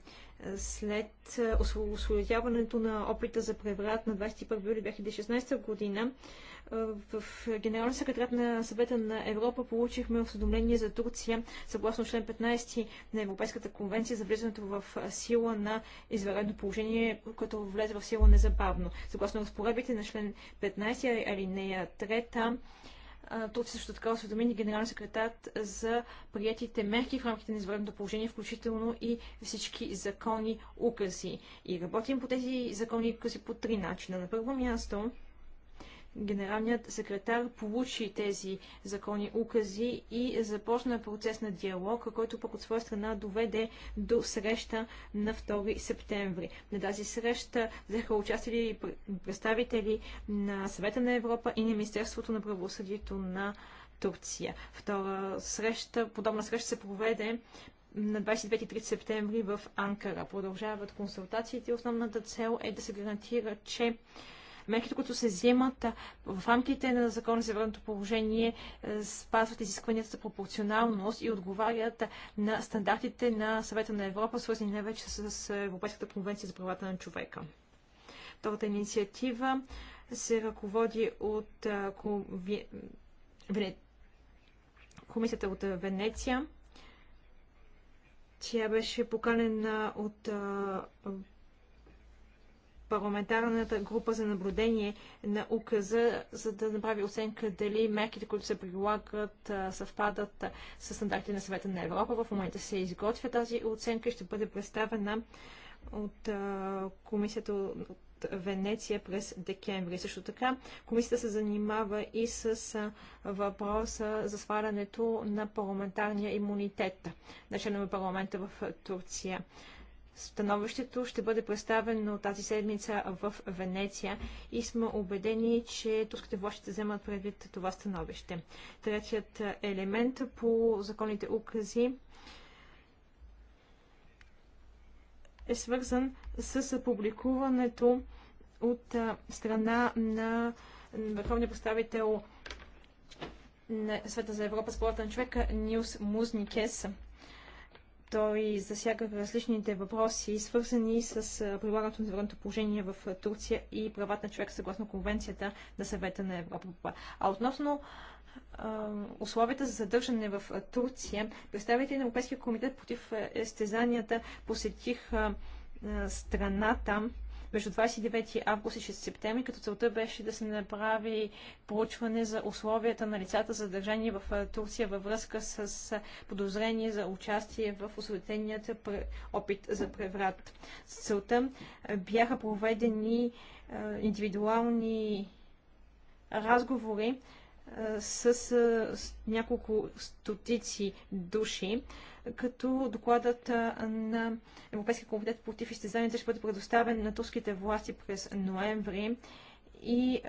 след е, освободяването на опита за преврат на 21 юли 2016 година, е, в Генерален секретарят на съвета на Европа получихме осведомление за Турция, съгласно член 15 на Европейската конвенция за влизането в сила на извънредно положение, което влезе в сила незабавно. Съгласно разпоредбите на член 15, алинея 3, Турция също така осведоми генерален секретар за приятите мерки в рамките на извънредното положение, включително и всички закони укази. И работим по тези закони укази по три начина. На първо място, Генералният секретар получи тези закони укази и започна процес на диалог, който пък от своя страна доведе до среща на 2 септември. На тази среща взеха участие представители на Съвета на Европа и на Министерството на правосъдието на Турция. Втора среща, подобна среща се проведе на 29-30 септември в Анкара. Продължават консултациите. Основната цел е да се гарантира, че мерките, които се вземат в рамките на закон за върното положение, е, спазват изискванията за пропорционалност и отговарят на стандартите на Съвета на Европа, свързани най-вече с Европейската конвенция за правата на човека. Втората инициатива се ръководи от комисията от Венеция. Тя беше поканена от парламентарната група за наблюдение на указа, за да направи оценка дали мерките, които се прилагат, съвпадат с стандартите на съвета на Европа. В момента се изготвя тази оценка и ще бъде представена от комисията от Венеция през декември. Също така, комисията се занимава и с въпроса за свалянето на парламентарния имунитет на членове парламента в Турция. Становището ще бъде представено тази седмица в Венеция и сме убедени, че турските власти ще вземат предвид това становище. Третият елемент по законните укази е свързан с публикуването от страна на върховния представител на Света за Европа с на човека Нилс Музникес той засяга различните въпроси, свързани с прилагането на извънредното положение в Турция и правата на човек съгласно Конвенцията на съвета на Европа. А относно условията за задържане в Турция, представители на Европейския комитет против естезанията посетиха страната между 29 август и 6 септември, като целта беше да се направи проучване за условията на лицата задържани в Турция във връзка с подозрение за участие в осветеният опит за преврат. С целта бяха проведени индивидуални разговори с, с няколко стотици души, като докладът на Европейския комитет против изтезанията ще бъде предоставен на турските власти през ноември и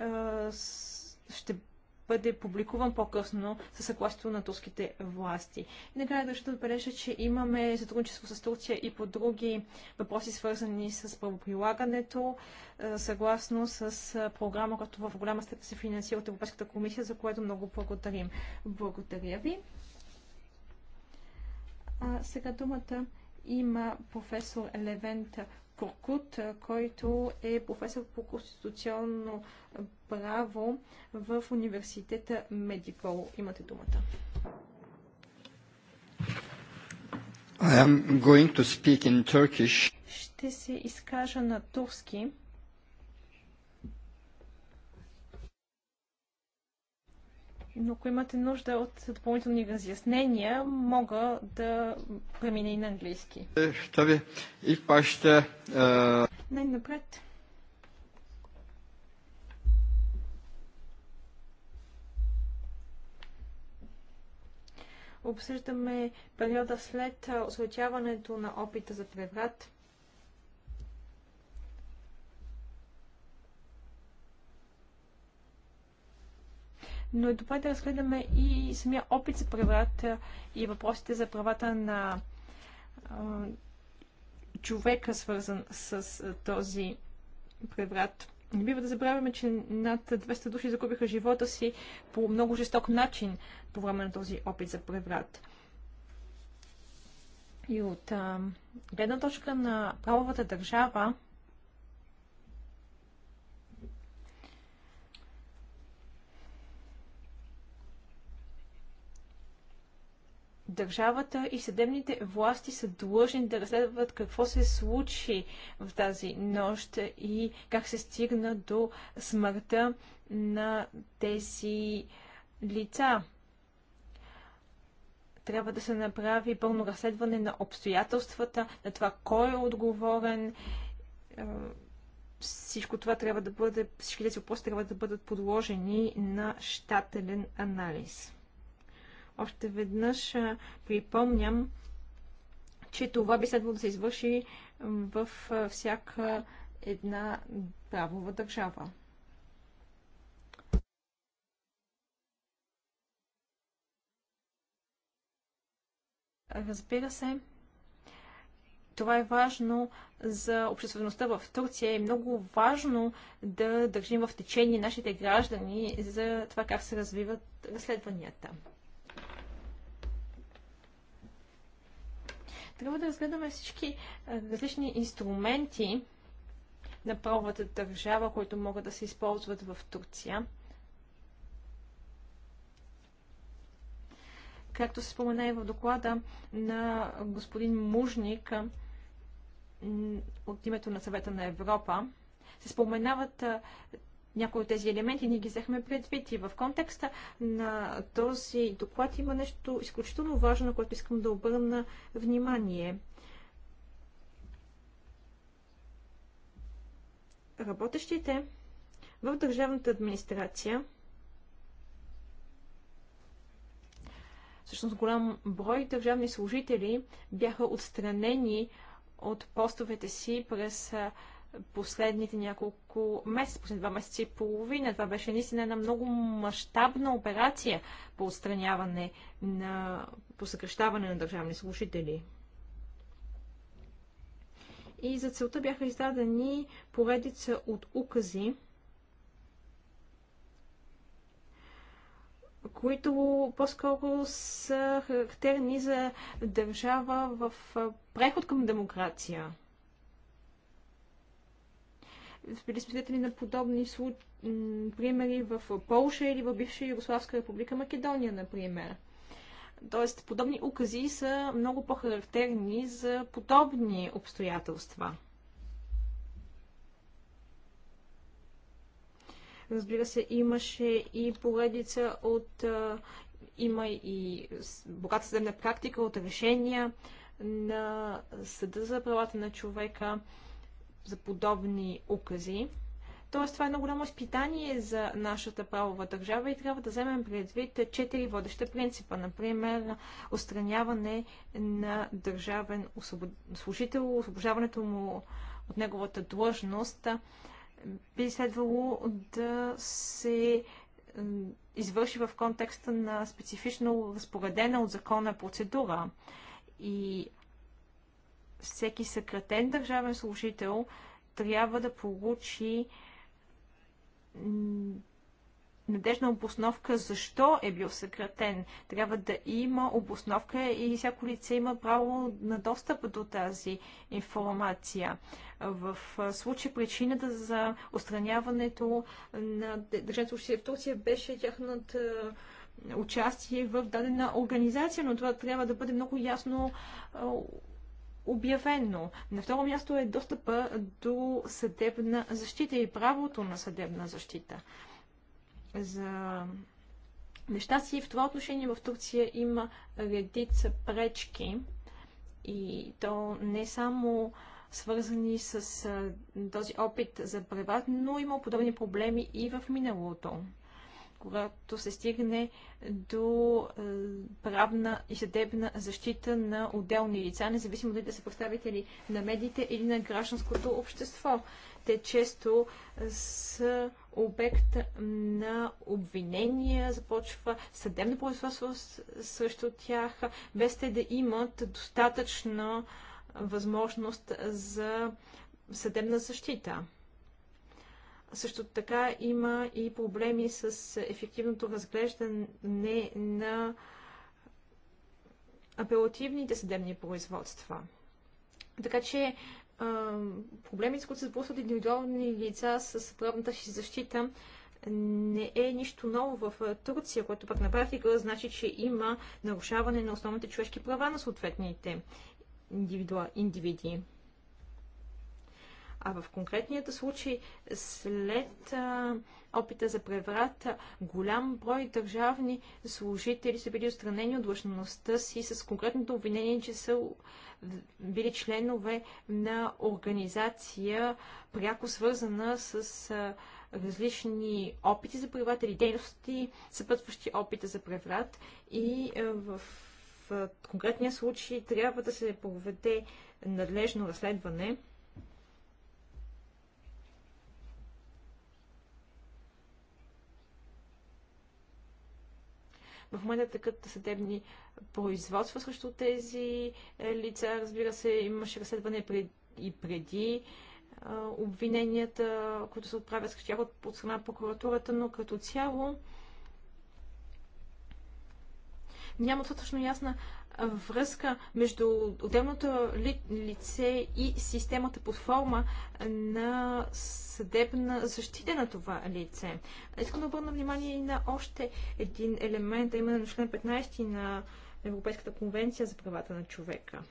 ще бъде публикуван по-късно със съгласието на турските власти. И накрая държа да отбележа, че имаме сътрудничество с Турция и по други въпроси, свързани с правоприлагането, е, съгласно с е, програма, която в голяма степен се финансира от Европейската комисия, за което много благодарим. Благодаря ви. А сега думата има професор Левент Куркут, който е професор по конституционно право в университета Медикол. Имате думата. I am going to speak in Turkish. Ще се изкажа на турски. но ако имате нужда от допълнителни разяснения, мога да премина и на английски. Е, и паща... Е, Най-напред. Обсъждаме периода след осветяването на опита за преврат. но е добре да разгледаме и самия опит за преврат и въпросите за правата на а, човека, свързан с а, този преврат. Не бива да забравяме, че над 200 души загубиха живота си по много жесток начин по време на този опит за преврат. И от а, гледна точка на правовата държава, държавата и съдебните власти са длъжни да разследват какво се случи в тази нощ и как се стигна до смъртта на тези лица. Трябва да се направи пълно разследване на обстоятелствата, на това кой е отговорен. Е, всичко това трябва да бъде, всички тези въпроси трябва да бъдат подложени на щателен анализ. Още веднъж припомням, че това би следвало да се извърши в всяка една правова държава. Разбира се, това е важно за обществеността в Турция. Е много важно да държим в течение нашите граждани за това как се развиват разследванията. трябва да разгледаме всички е, различни инструменти на правовата държава, които могат да се използват в Турция. Както се спомена и в доклада на господин Мужник от името на съвета на Европа, се споменават е, някои от тези елементи ние ги взехме предвид. И в контекста на този доклад има нещо изключително важно, на което искам да обърна внимание. Работещите в държавната администрация всъщност голям брой държавни служители бяха отстранени от постовете си през последните няколко месеца, последните два месеца и половина. Това беше наистина една много мащабна операция по отстраняване на, по съкрещаване на държавни служители. И за целта бяха издадени поредица от укази, които по-скоро са характерни за държава в преход към демокрация. Били сме свидетели на подобни слу... примери в Полша или в бивша Югославска република Македония, например. Тоест, подобни укази са много по-характерни за подобни обстоятелства. Разбира се, имаше и поредица от. Има и богата съдебна практика от решения на Съда за правата на човека за подобни укази. Тоест, това е много голямо изпитание за нашата правова държава и трябва да вземем предвид четири водещи принципа. Например, отстраняване на държавен освобод... служител, освобождаването му от неговата длъжност би следвало да се извърши в контекста на специфично разпоредена от закона процедура. И всеки съкратен държавен служител трябва да получи надежна обосновка защо е бил съкратен. Трябва да има обосновка и всяко лице има право на достъп до тази информация. В случай причината за отстраняването на държавната община в Турция беше тяхната участие в дадена организация, но това трябва да бъде много ясно обявено. На второ място е достъпа до съдебна защита и правото на съдебна защита. За неща си в това отношение в Турция има редица пречки и то не само свързани с този опит за преврат, но има подобни проблеми и в миналото когато се стигне до е, правна и съдебна защита на отделни лица, независимо дали да са представители на медиите или на гражданското общество. Те често са обект на обвинения, започва съдебно производство срещу тях, без те да имат достатъчна възможност за съдебна защита. Също така има и проблеми с ефективното разглеждане на апелативните съдебни производства. Така че проблемите, с които се сблъскват индивидуални лица с правната си защита, не е нищо ново в Турция, което пък на практика значи, че има нарушаване на основните човешки права на съответните индивиди. А в конкретният случай, след а, опита за преврат, голям брой държавни служители са били отстранени от длъжността си с конкретното обвинение, че са били членове на организация, пряко свързана с а, различни опити за преврат или дейности, съпътващи опита за преврат. И а, в в конкретния случай трябва да се проведе надлежно разследване В момента такът съдебни производства срещу тези е, лица. Разбира се, имаше разследване и преди е, обвиненията, които се отправят срещу тях от страна на прокуратурата, но като цяло няма достатъчно ясна връзка между отделното ли, лице и системата под форма на съдебна защита на това лице. Искам да обърна внимание и на още един елемент, а именно на член 15 на Европейската конвенция за правата на човека.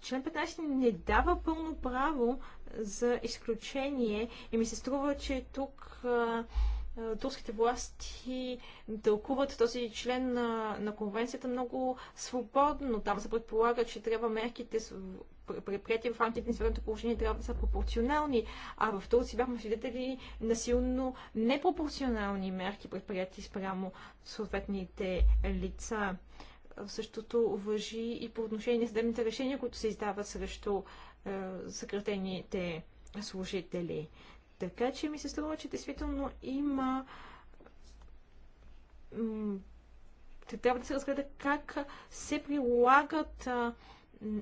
Член 15 не дава пълно право за изключение и ми се струва, че тук а, е, турските власти тълкуват този член на, на конвенцията много свободно. Там се предполага, че трябва мерките предприятия в рамките на извънното положение трябва да са пропорционални, а в този бяхме свидетели на силно непропорционални мерки предприятия спрямо съответните лица. Същото въжи и по отношение на съдебните решения, които се издават срещу е, съкратените служители. Така че ми се струва, че действително има трябва да се разгледа как се прилагат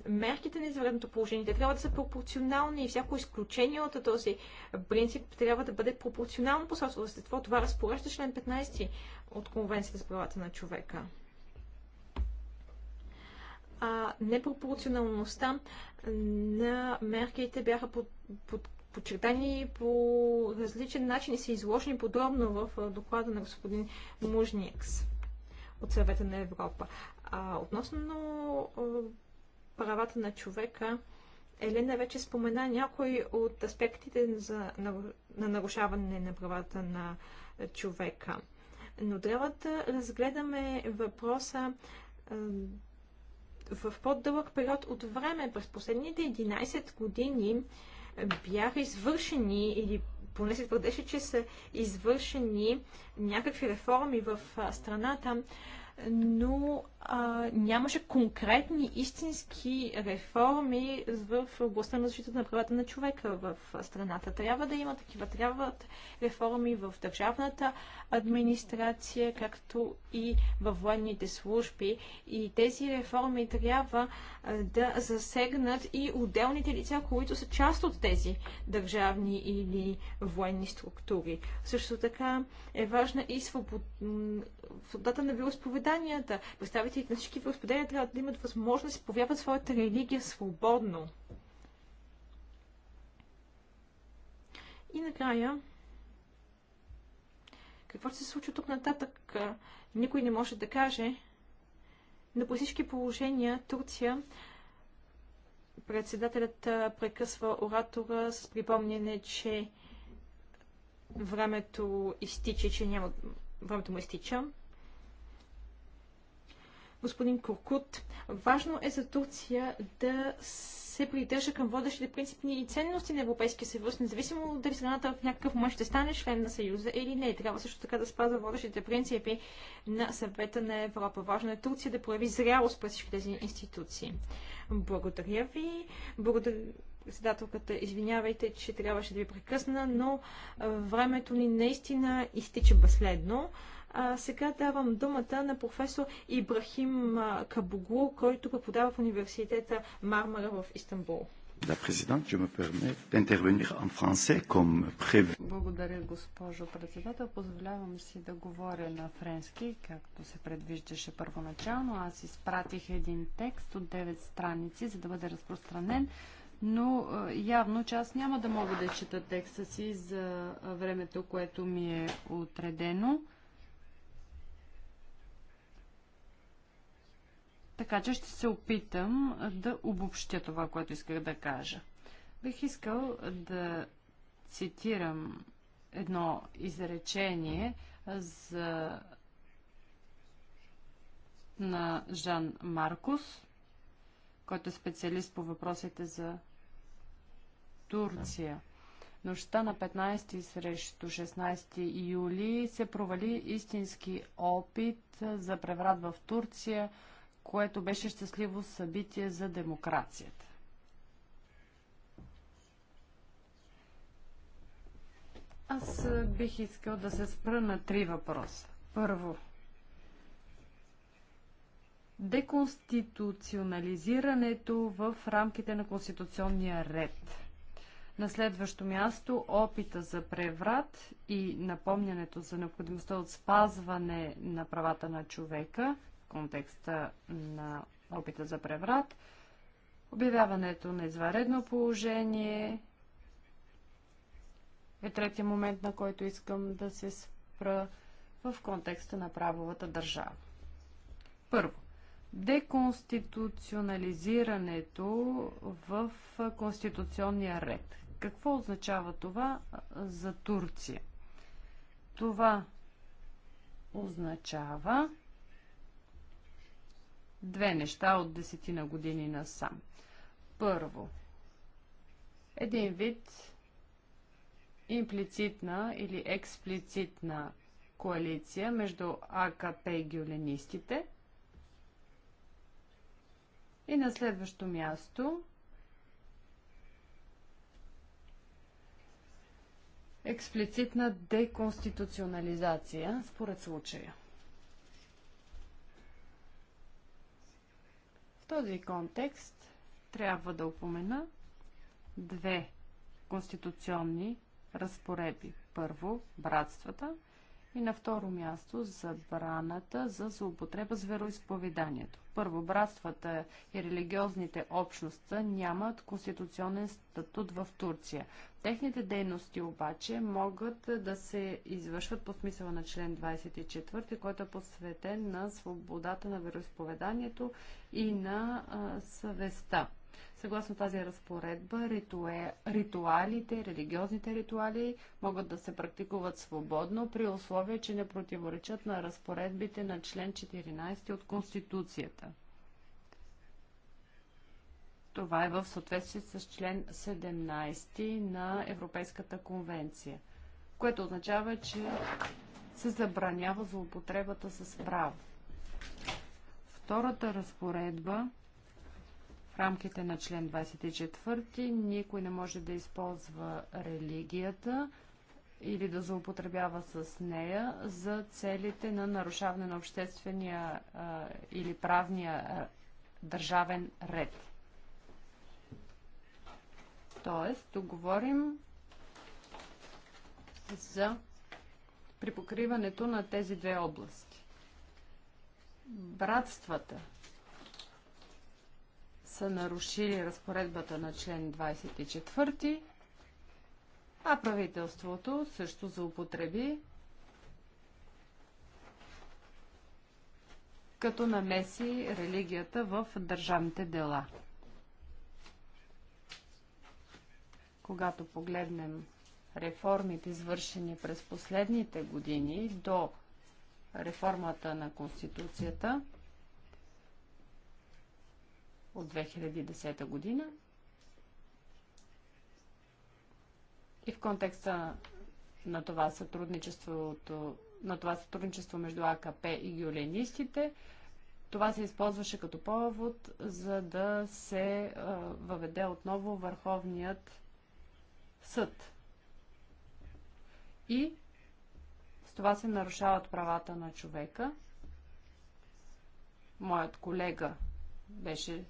мерките на извънредното положение. Те трябва да са пропорционални и всяко изключение от този принцип трябва да бъде пропорционално по своето естество. Това разпорежда член 15 от Конвенцията за правата на човека. А непропорционалността на мерките бяха под, под, подчертани по различен начин и са изложени подробно в доклада на господин Мужникс от Съвета на Европа. А, относно правата на човека, Елена вече спомена някои от аспектите за, на, на нарушаване на правата на човека. Но трябва да разгледаме въпроса а, в по-дълъг период от време. През последните 11 години бяха извършени или поне се твърдеше, че са извършени някакви реформи в страната, но а, нямаше конкретни истински реформи в областта на защита на правата на човека в страната. Трябва да има такива, трябват реформи в държавната администрация, както и във военните служби. И тези реформи трябва да засегнат и отделните лица, които са част от тези държавни или военни структури. Също така е важна и свободата на вероисповеданията. Представите експерти, значи, на всички възподеля трябва да имат възможност да се повяват своята религия свободно. И накрая, какво ще се случи тук нататък, никой не може да каже, но по всички положения Турция председателят прекъсва оратора с припомнене, че времето изтича, че няма... времето му изтича господин Куркут. Важно е за Турция да се придържа към водещите принципни и ценности на Европейския съюз, независимо дали страната в някакъв момент ще стане член на Съюза или не. Трябва също така да спазва водещите принципи на съвета на Европа. Важно е Турция да прояви зрялост през всички тези институции. Благодаря ви. Благодаря председателката, извинявайте, че трябваше да ви прекъсна, но времето ни наистина изтича безследно. А сега давам думата на професор Ибрахим Кабугу, който преподава в университета Мармара в Истанбул. La présidente, je me permets d'intervenir en français comme prévu. Благодаря, госпожо председател. Позволявам си да говоря на френски, както се предвиждаше първоначално. Аз изпратих един текст от 9 страници, за да бъде разпространен, но явно, че аз няма да мога да чета текста си за времето, което ми е отредено. Така че ще се опитам да обобщя това, което исках да кажа. Бих искал да цитирам едно изречение за... на Жан Маркус, който е специалист по въпросите за Турция. Нощта на 15 срещу 16 юли се провали истински опит за преврат в Турция – което беше щастливо събитие за демокрацията. Аз бих искал да се спра на три въпроса. Първо, деконституционализирането в рамките на конституционния ред. На следващо място опита за преврат и напомнянето за необходимостта от спазване на правата на човека – контекста на опита за преврат, обявяването на изваредно положение е третия момент, на който искам да се спра в контекста на правовата държава. Първо, деконституционализирането в конституционния ред. Какво означава това за Турция? Това означава, две неща от десетина години насам. Първо, един вид имплицитна или експлицитна коалиция между АКП и гюленистите. И на следващо място експлицитна деконституционализация според случая. този контекст трябва да упомена две конституционни разпореби. Първо, братствата, и на второ място забраната за злоупотреба с вероисповеданието. Първо, братствата и религиозните общности нямат конституционен статут в Турция. Техните дейности обаче могат да се извършват по смисъла на член 24, който е посветен на свободата на вероисповеданието и на а, съвестта. Съгласно тази разпоредба, ритуалите, религиозните ритуали могат да се практикуват свободно при условие, че не противоречат на разпоредбите на член 14 от Конституцията. Това е в съответствие с член 17 на Европейската конвенция, което означава, че се забранява злоупотребата с право. Втората разпоредба в рамките на член 24 никой не може да използва религията или да злоупотребява с нея за целите на нарушаване на обществения а, или правния а, държавен ред. Тоест, договорим за припокриването на тези две области. Братствата – са нарушили разпоредбата на член 24, а правителството също употреби, като намеси религията в държавните дела. Когато погледнем реформите, извършени през последните години до реформата на Конституцията, от 2010 година. И в контекста на това сътрудничеството, на това сътрудничество между АКП и гюленистите, това се използваше като повод, за да се въведе отново Върховният съд. И с това се нарушават правата на човека. Моят колега беше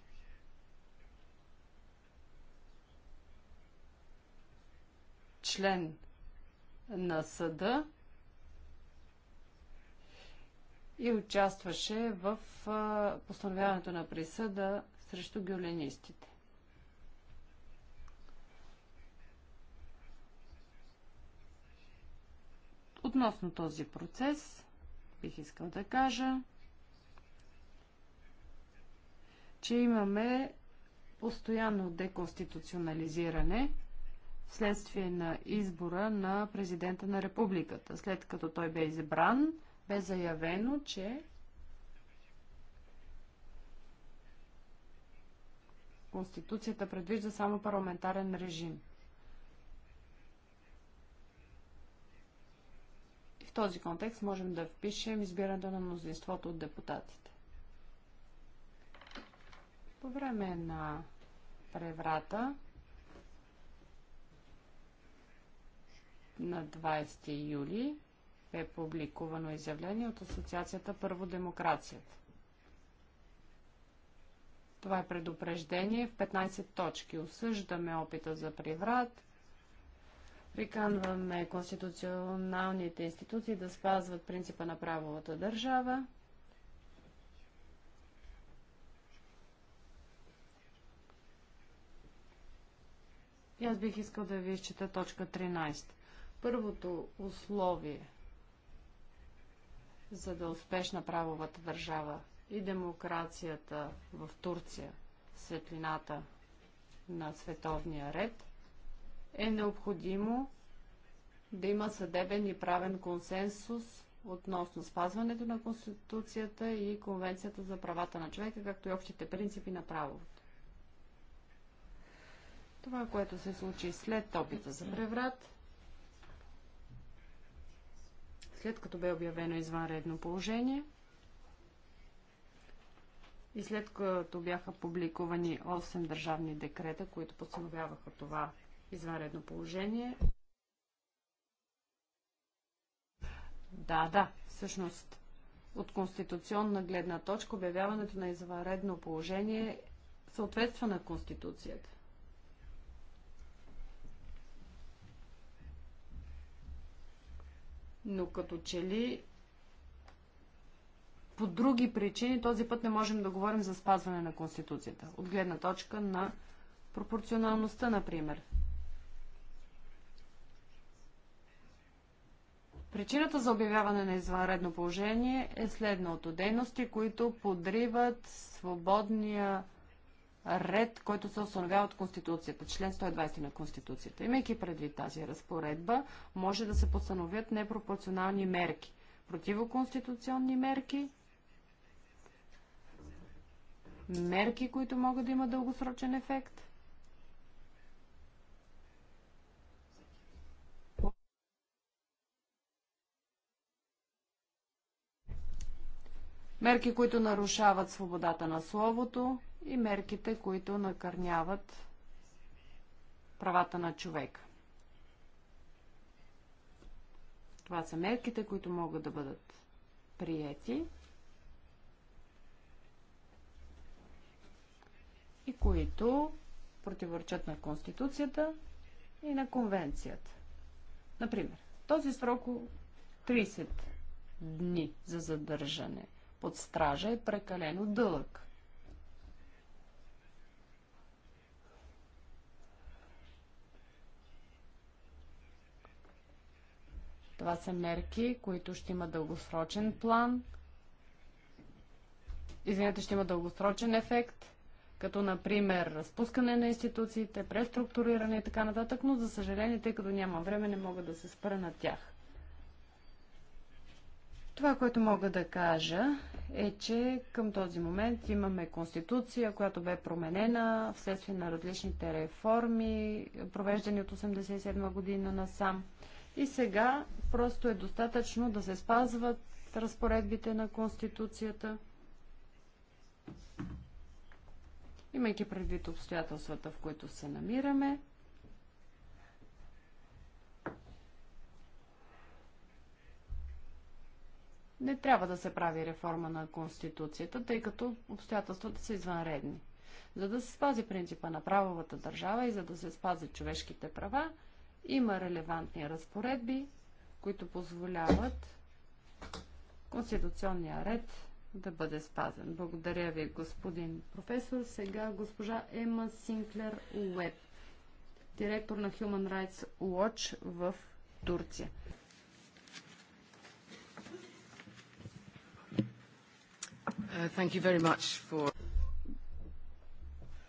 член на съда и участваше в постановяването на присъда срещу гюленистите. Относно този процес, бих искал да кажа, че имаме постоянно деконституционализиране – следствие на избора на президента на републиката. След като той бе избран, бе заявено, че Конституцията предвижда само парламентарен режим. И в този контекст можем да впишем избирането на мнозинството от депутатите. По време на преврата На 20 юли е публикувано изявление от Асоциацията Първо демокрацията. Това е предупреждение в 15 точки. Осъждаме опита за преврат, приканваме конституционалните институции да спазват принципа на правовата държава, И аз бих искал да ви изчета точка 13. Първото условие за да е успешна правовата държава и демокрацията в Турция, светлината на световния ред, е необходимо да има съдебен и правен консенсус относно спазването на Конституцията и Конвенцията за правата на човека, както и общите принципи на правото. Това, което се случи след опита за преврат, след като бе обявено извънредно положение и след като бяха публикувани 8 държавни декрета, които постановяваха това извънредно положение. Да, да, всъщност от конституционна гледна точка обявяването на извънредно положение съответства на Конституцията. но като че ли по други причини този път не можем да говорим за спазване на Конституцията. От гледна точка на пропорционалността, например. Причината за обявяване на извънредно положение е следното. Дейности, които подриват свободния ред, който се установява от Конституцията, член 120 на Конституцията. Имайки предвид тази разпоредба, може да се постановят непропорционални мерки, противоконституционни мерки, мерки, които могат да имат дългосрочен ефект – мерки, които нарушават свободата на словото и мерките, които накърняват правата на човека. Това са мерките, които могат да бъдат приети и които противоречат на Конституцията и на Конвенцията. Например, този срок 30 дни за задържане под стража е прекалено дълъг. Това са мерки, които ще има дългосрочен план. Извинете, ще има дългосрочен ефект, като например разпускане на институциите, преструктуриране и така нататък, но за съжаление, тъй като нямам време, не мога да се спра на тях. Това, което мога да кажа е, че към този момент имаме конституция, която бе променена вследствие на различните реформи, провеждани от 1987 година насам. И сега просто е достатъчно да се спазват разпоредбите на Конституцията, имайки предвид обстоятелствата, в които се намираме. не трябва да се прави реформа на Конституцията, тъй като обстоятелствата са извънредни. За да се спази принципа на правовата държава и за да се спазят човешките права, има релевантни разпоредби, които позволяват конституционния ред да бъде спазен. Благодаря ви, господин професор. Сега госпожа Ема Синклер Уеб, директор на Human Rights Watch в Турция. Uh,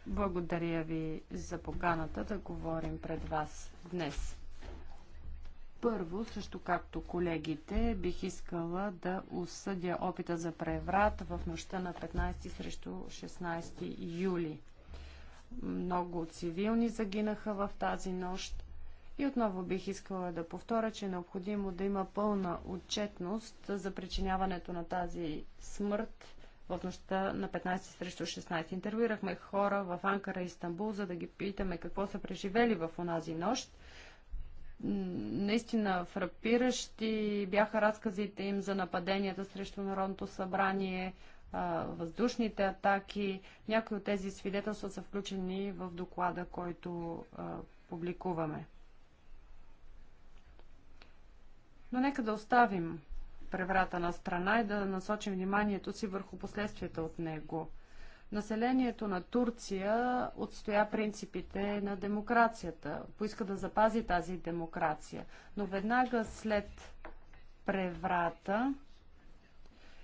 Благодаря ви за поканата да говорим пред вас днес. Първо, също както колегите, бих искала да осъдя опита за преврат в нощта на 15 срещу 16 юли. Много цивилни загинаха в тази нощ. И отново бих искала да повторя, че е необходимо да има пълна отчетност за причиняването на тази смърт в нощта на 15 срещу 16. Интервюирахме хора в Анкара и Истанбул, за да ги питаме какво са преживели в онази нощ. Наистина фрапиращи бяха разказите им за нападенията срещу Народното събрание, въздушните атаки. Някои от тези свидетелства са включени в доклада, който публикуваме. Но нека да оставим преврата на страна и да насочим вниманието си върху последствията от него. Населението на Турция отстоя принципите на демокрацията, поиска да запази тази демокрация, но веднага след преврата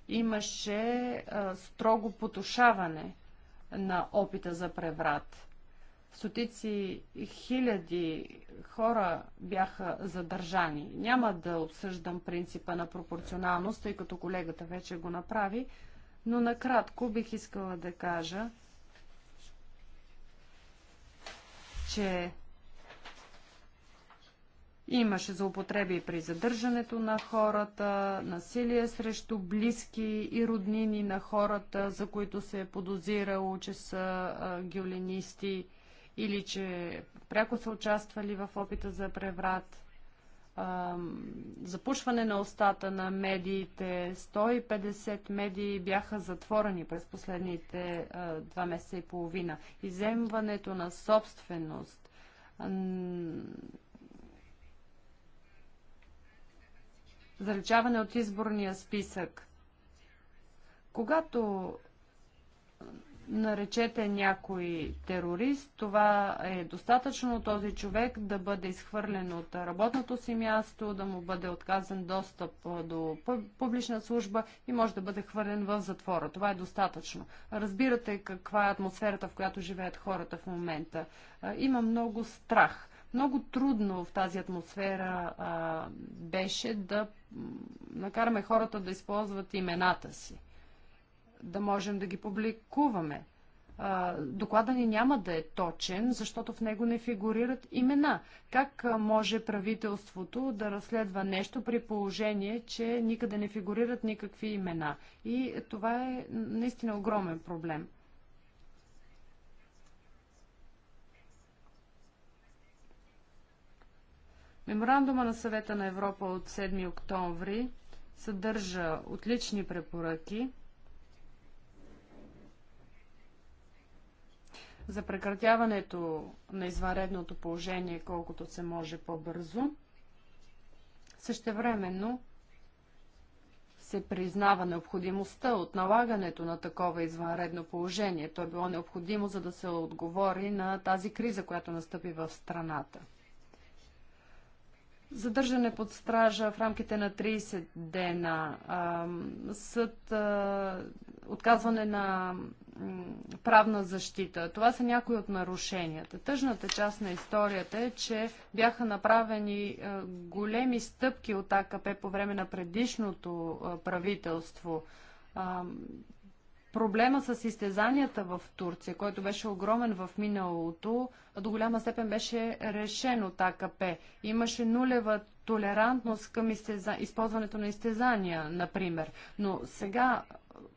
имаше а, строго потушаване на опита за преврат стотици хиляди хора бяха задържани. Няма да обсъждам принципа на пропорционалност, тъй като колегата вече го направи, но накратко бих искала да кажа, че Имаше злоупотреби при задържането на хората, насилие срещу близки и роднини на хората, за които се е подозирало, че са гюленисти или че пряко са участвали в опита за преврат, запушване на устата на медиите. 150 медии бяха затворени през последните два месеца и половина. Иземването на собственост, заличаване от изборния списък. Когато наречете някой терорист, това е достатъчно този човек да бъде изхвърлен от работното си място, да му бъде отказан достъп до публична служба и може да бъде хвърлен в затвора. Това е достатъчно. Разбирате каква е атмосферата, в която живеят хората в момента. Има много страх. Много трудно в тази атмосфера а, беше да накараме хората да използват имената си да можем да ги публикуваме. Доклада ни няма да е точен, защото в него не фигурират имена. Как може правителството да разследва нещо при положение, че никъде не фигурират никакви имена? И това е наистина огромен проблем. Меморандума на съвета на Европа от 7 октомври съдържа отлични препоръки. за прекратяването на извънредното положение колкото се може по-бързо. Същевременно се признава необходимостта от налагането на такова извънредно положение. То е било необходимо, за да се отговори на тази криза, която настъпи в страната. Задържане под стража в рамките на 30 дена, съд, отказване на правна защита. Това са някои от нарушенията. Тъжната част на историята е, че бяха направени е, големи стъпки от АКП по време на предишното е, правителство. Проблема с изтезанията в Турция, който беше огромен в миналото, до голяма степен беше решен от АКП. Имаше нулева толерантност към изтеза... използването на изтезания, например. Но сега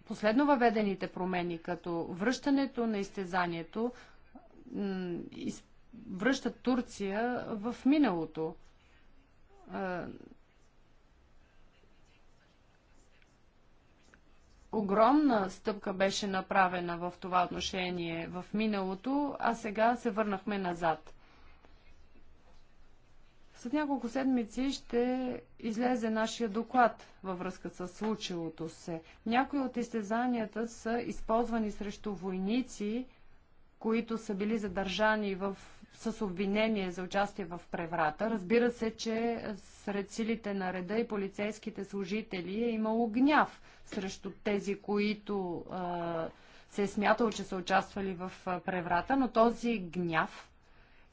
последно въведените промени, като връщането на изтезанието, връщат Турция в миналото. огромна стъпка беше направена в това отношение в миналото, а сега се върнахме назад. След няколко седмици ще излезе нашия доклад във връзка с случилото се. Някои от изтезанията са използвани срещу войници, които са били задържани в, с обвинение за участие в преврата. Разбира се, че сред силите на реда и полицейските служители е имало гняв срещу тези, които а, се е смятало, че са участвали в преврата, но този гняв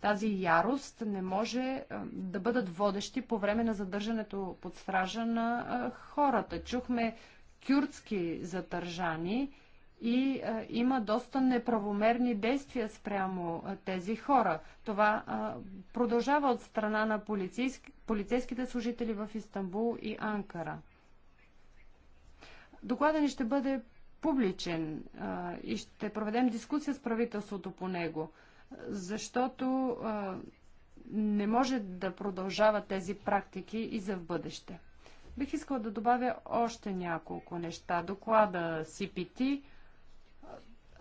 тази ярост не може да бъдат водещи по време на задържането под стража на хората. Чухме кюртски задържани и има доста неправомерни действия спрямо тези хора. Това продължава от страна на полицейски, полицейските служители в Истанбул и Анкара. Доклада ни ще бъде публичен и ще проведем дискусия с правителството по него защото а, не може да продължава тези практики и за в бъдеще. Бих искала да добавя още няколко неща. Доклада CPT.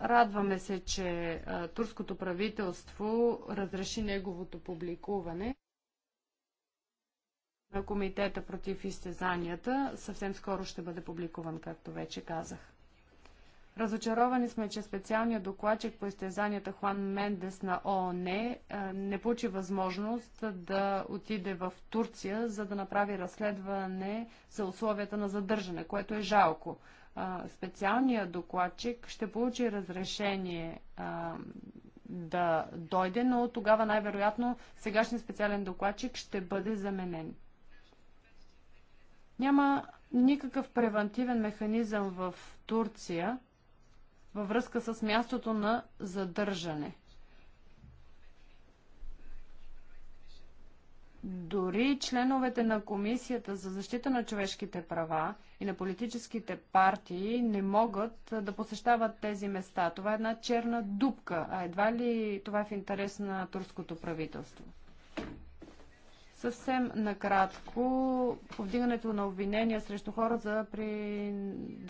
Радваме се, че а, турското правителство разреши неговото публикуване на Комитета против изтезанията. Съвсем скоро ще бъде публикуван, както вече казах. Разочаровани сме, че специалният докладчик по изтезанията Хуан Мендес на ООН е, не получи възможност да отиде в Турция, за да направи разследване за условията на задържане, което е жалко. Специалният докладчик ще получи разрешение да дойде, но тогава най-вероятно сегашният специален докладчик ще бъде заменен. Няма никакъв превантивен механизъм в Турция, във връзка с мястото на задържане. Дори членовете на Комисията за защита на човешките права и на политическите партии не могат да посещават тези места. Това е една черна дупка, а едва ли това е в интерес на турското правителство. Съвсем накратко, повдигането на обвинения срещу хора за, при...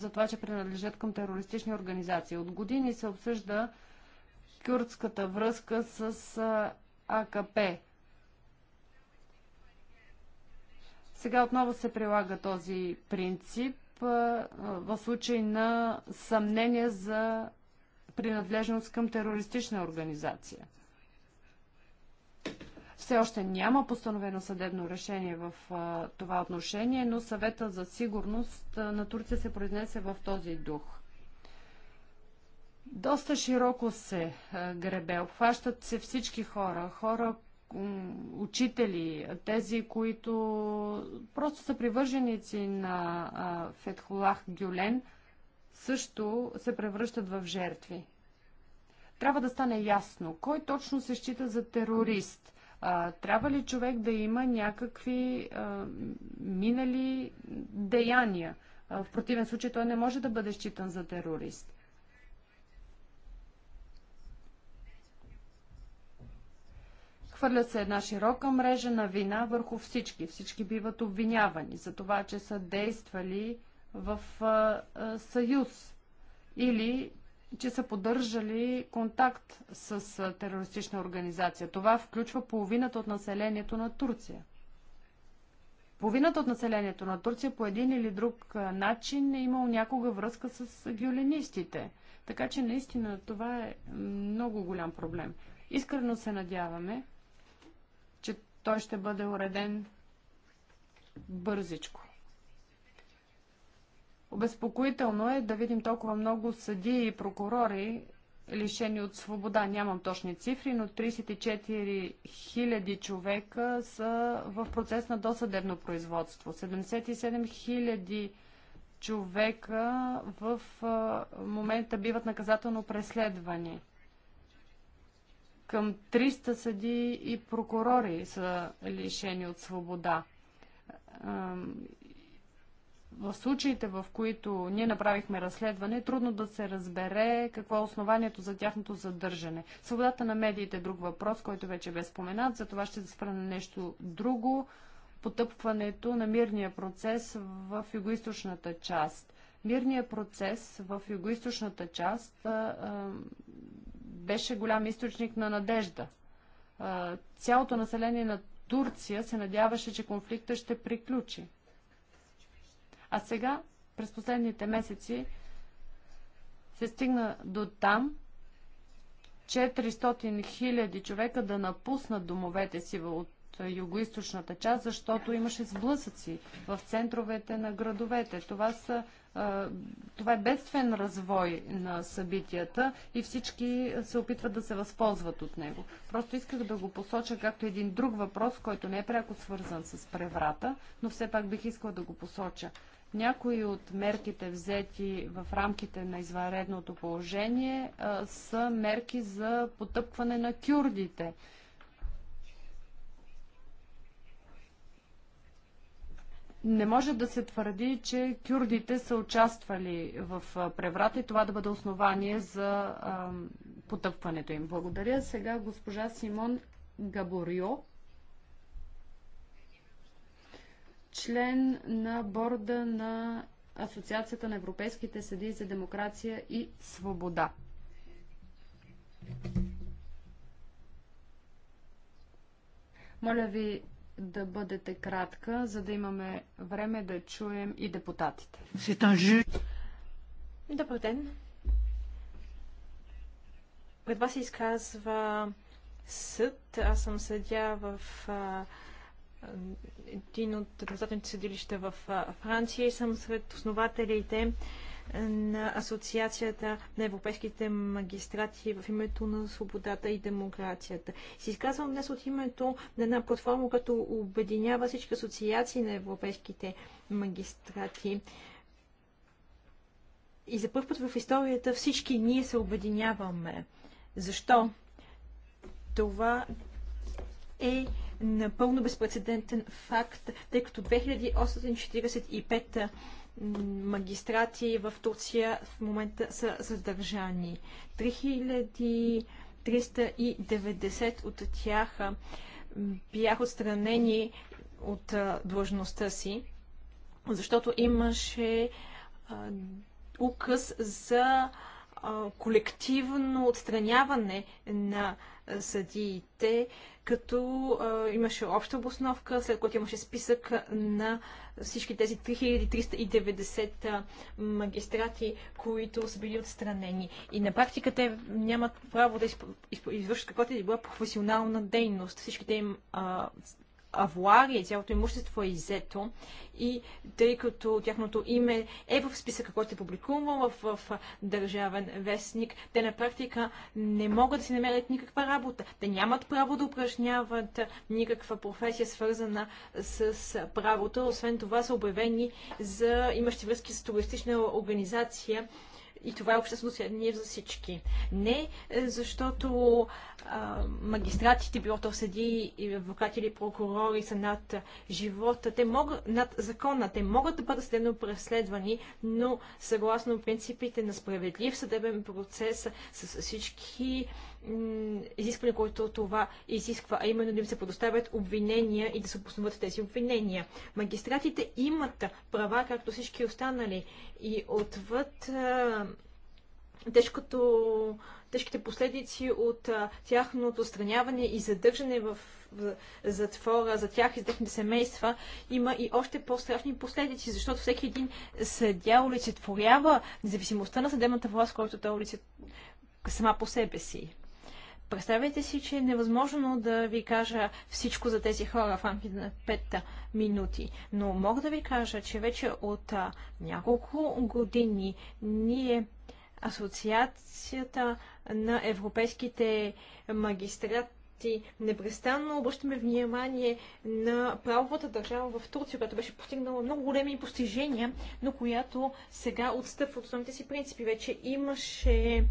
за това, че принадлежат към терористични организации. От години се обсъжда кюрдската връзка с АКП. Сега отново се прилага този принцип в случай на съмнение за принадлежност към терористична организация. Все още няма постановено съдебно решение в това отношение, но съвета за сигурност на Турция се произнесе в този дух. Доста широко се гребе, обхващат се всички хора, хора, учители, тези, които просто са привърженици на Фетхулах Гюлен, също се превръщат в жертви. Трябва да стане ясно, кой точно се счита за терорист – а, трябва ли човек да има някакви а, минали деяния? А, в противен случай той не може да бъде считан за терорист. Хвърля се една широка мрежа на вина върху всички. Всички биват обвинявани за това, че са действали в а, а, съюз или че са поддържали контакт с терористична организация. Това включва половината от населението на Турция. Половината от населението на Турция по един или друг начин е имал някога връзка с гюленистите. Така че наистина това е много голям проблем. Искрено се надяваме, че той ще бъде уреден бързичко. Обезпокоително е да видим толкова много съди и прокурори, лишени от свобода. Нямам точни цифри, но 34 000 човека са в процес на досъдебно производство. 77 000 човека в момента биват наказателно преследвани. Към 300 съди и прокурори са лишени от свобода в случаите, в които ние направихме разследване, е трудно да се разбере какво е основанието за тяхното задържане. Свободата на медиите е друг въпрос, който вече бе споменат, за това ще се спра на нещо друго. Потъпването на мирния процес в югоисточната част. Мирният процес в югоисточната част а, а, беше голям източник на надежда. А, цялото население на Турция се надяваше, че конфликта ще приключи. А сега, през последните месеци, се стигна до там, 400 хиляди човека да напуснат домовете си от югоисточната част, защото имаше сблъсъци в центровете на градовете. Това, са, това е бедствен развой на събитията и всички се опитват да се възползват от него. Просто исках да го посоча както един друг въпрос, който не е пряко свързан с преврата, но все пак бих искала да го посоча. Някои от мерките взети в рамките на извънредното положение са мерки за потъпкване на кюрдите. Не може да се твърди, че кюрдите са участвали в преврата и това да бъде основание за потъпването им. Благодаря. Сега госпожа Симон Габорио член на борда на Асоциацията на европейските съди за демокрация и свобода. Моля ви да бъдете кратка, за да имаме време да чуем и депутатите. Добър ден! Пред вас се изказва съд. Аз съм съдя в един от наказателните съдилища в Франция и съм сред основателите на Асоциацията на европейските магистрати в името на свободата и демокрацията. Си изказвам днес от името на една платформа, която обединява всички асоциации на европейските магистрати. И за първ път в историята всички ние се обединяваме. Защо? Това е напълно безпредседентен факт, тъй като 2845 магистрати в Турция в момента са задържани. 3390 от тях бяха отстранени от длъжността си, защото имаше указ за колективно отстраняване на съдиите, като а, имаше обща обосновка, след което имаше списък на всички тези 3390 магистрати, които са били отстранени. И на практика те нямат право да извършат каквато и да била професионална дейност. Всички те им а, авуари цялото имущество е иззето и тъй като тяхното име е в списъка, който е публикувал в, в, в Държавен вестник, те на практика не могат да си намерят никаква работа. Те нямат право да упражняват никаква професия, свързана с правото. Освен това са обявени за имащи връзки с туристична организация и това е обществено съединение за всички. Не е, защото а, магистратите, било то съди, адвокати или прокурори са над живота, те могат, над закона, те могат да бъдат следно преследвани, но съгласно принципите на справедлив съдебен процес с всички изискване, което това изисква, а именно да им се предоставят обвинения и да се обосноват тези обвинения. Магистратите имат права, както всички останали, и отвъд тежкото, тежките последици от тяхното отстраняване и задържане в, в затвора за тях и за техните семейства има и още по-страшни последици, защото всеки един съдя олицетворява независимостта на съдебната власт, който той олицетворява сама по себе си. Представете си, че е невъзможно да ви кажа всичко за тези хора в рамките на 5 минути, но мога да ви кажа, че вече от а, няколко години ние Асоциацията на европейските магистрати непрестанно обръщаме внимание на правовата държава в Турция, която беше постигнала много големи постижения, но която сега отстъпва от основните си принципи. Вече имаше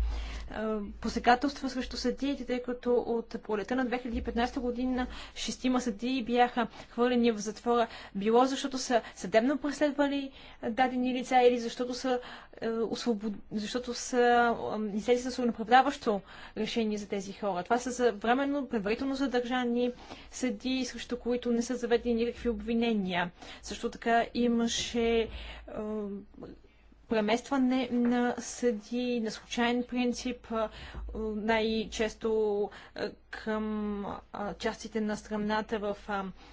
посегателства срещу съдиите, тъй като от полета на 2015 година шестима съдии бяха хвърлени в затвора, било защото са съдебно преследвали дадени лица или защото са, освобод... защото са излезли с унаправдаващо решение за тези хора. Това са за временно, предварително задържани съдии, срещу които не са заведени никакви обвинения. Също така имаше преместване на съди, на случайен принцип, най-често към частите на страната в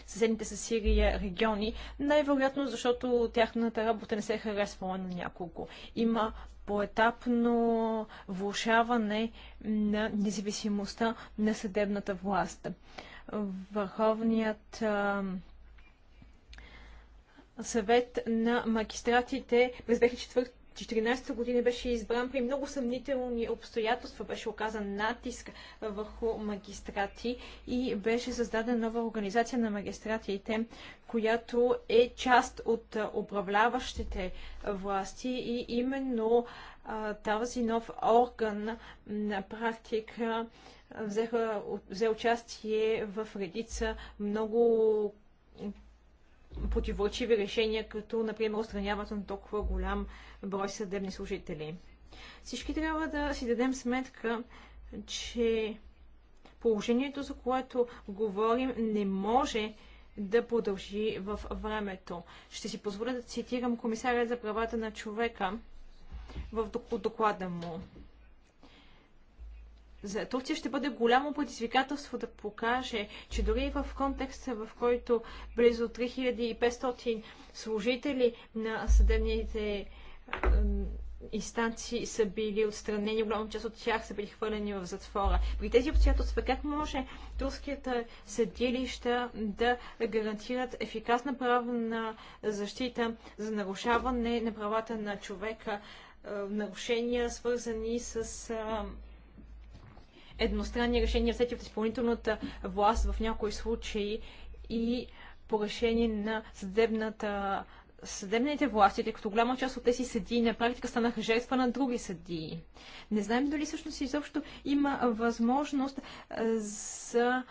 съседните с Сирия региони, най-вероятно защото тяхната работа не се е харесвала на няколко. Има поетапно влушаване на независимостта на съдебната власт. Върховният съвет на магистратите през 2004 2014 година беше избран при много съмнителни обстоятелства, беше оказан натиск върху магистрати и беше създадена нова организация на магистратите, която е част от управляващите власти и именно тази нов орган на практика взе участие в редица много противоречиви решения, като, например, устраняват на толкова голям брой съдебни служители. Всички трябва да си дадем сметка, че положението, за което говорим, не може да продължи в времето. Ще си позволя да цитирам комисаря за правата на човека в доклада му за Турция ще бъде голямо предизвикателство да покаже, че дори в контекста, в който близо 3500 служители на съдебните инстанции са били отстранени, голяма част от тях са били хвърлени в затвора. При тези обстоятелства как може турските съдилища да гарантират ефикасна правна защита за нарушаване на правата на човека, нарушения свързани с едностранни решения, взети от изпълнителната власт в някои случаи и по решение на съдебната съдебните власти, тъй като голяма част от тези съдии на практика станаха жертва на други съдии. Не знаем дали всъщност изобщо има възможност за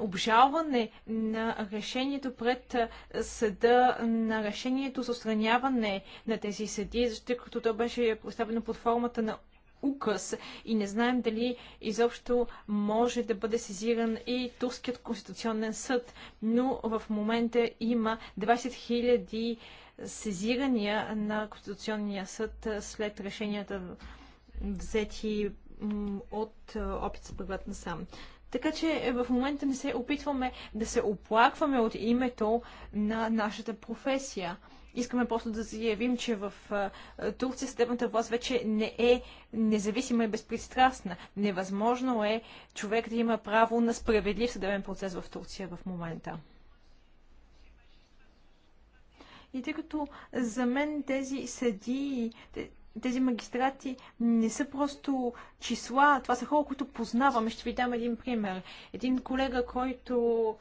обжалване на решението пред съда, на решението за устраняване на тези съдии, защото то беше поставено под формата на указ и не знаем дали изобщо може да бъде сезиран и Турският конституционен съд, но в момента има 20 000 сезирания на Конституционния съд след решенията взети от опит за преврат на сам. Така че е, в момента не се опитваме да се оплакваме от името на нашата професия. Искаме просто да заявим, че в Турция съдебната власт вече не е независима и безпристрастна. Невъзможно е човек да има право на справедлив съдебен процес в Турция в момента. И тъй като за мен тези съдии, тези магистрати не са просто числа, това са хора, които познаваме. Ще ви дам един пример. Един колега, който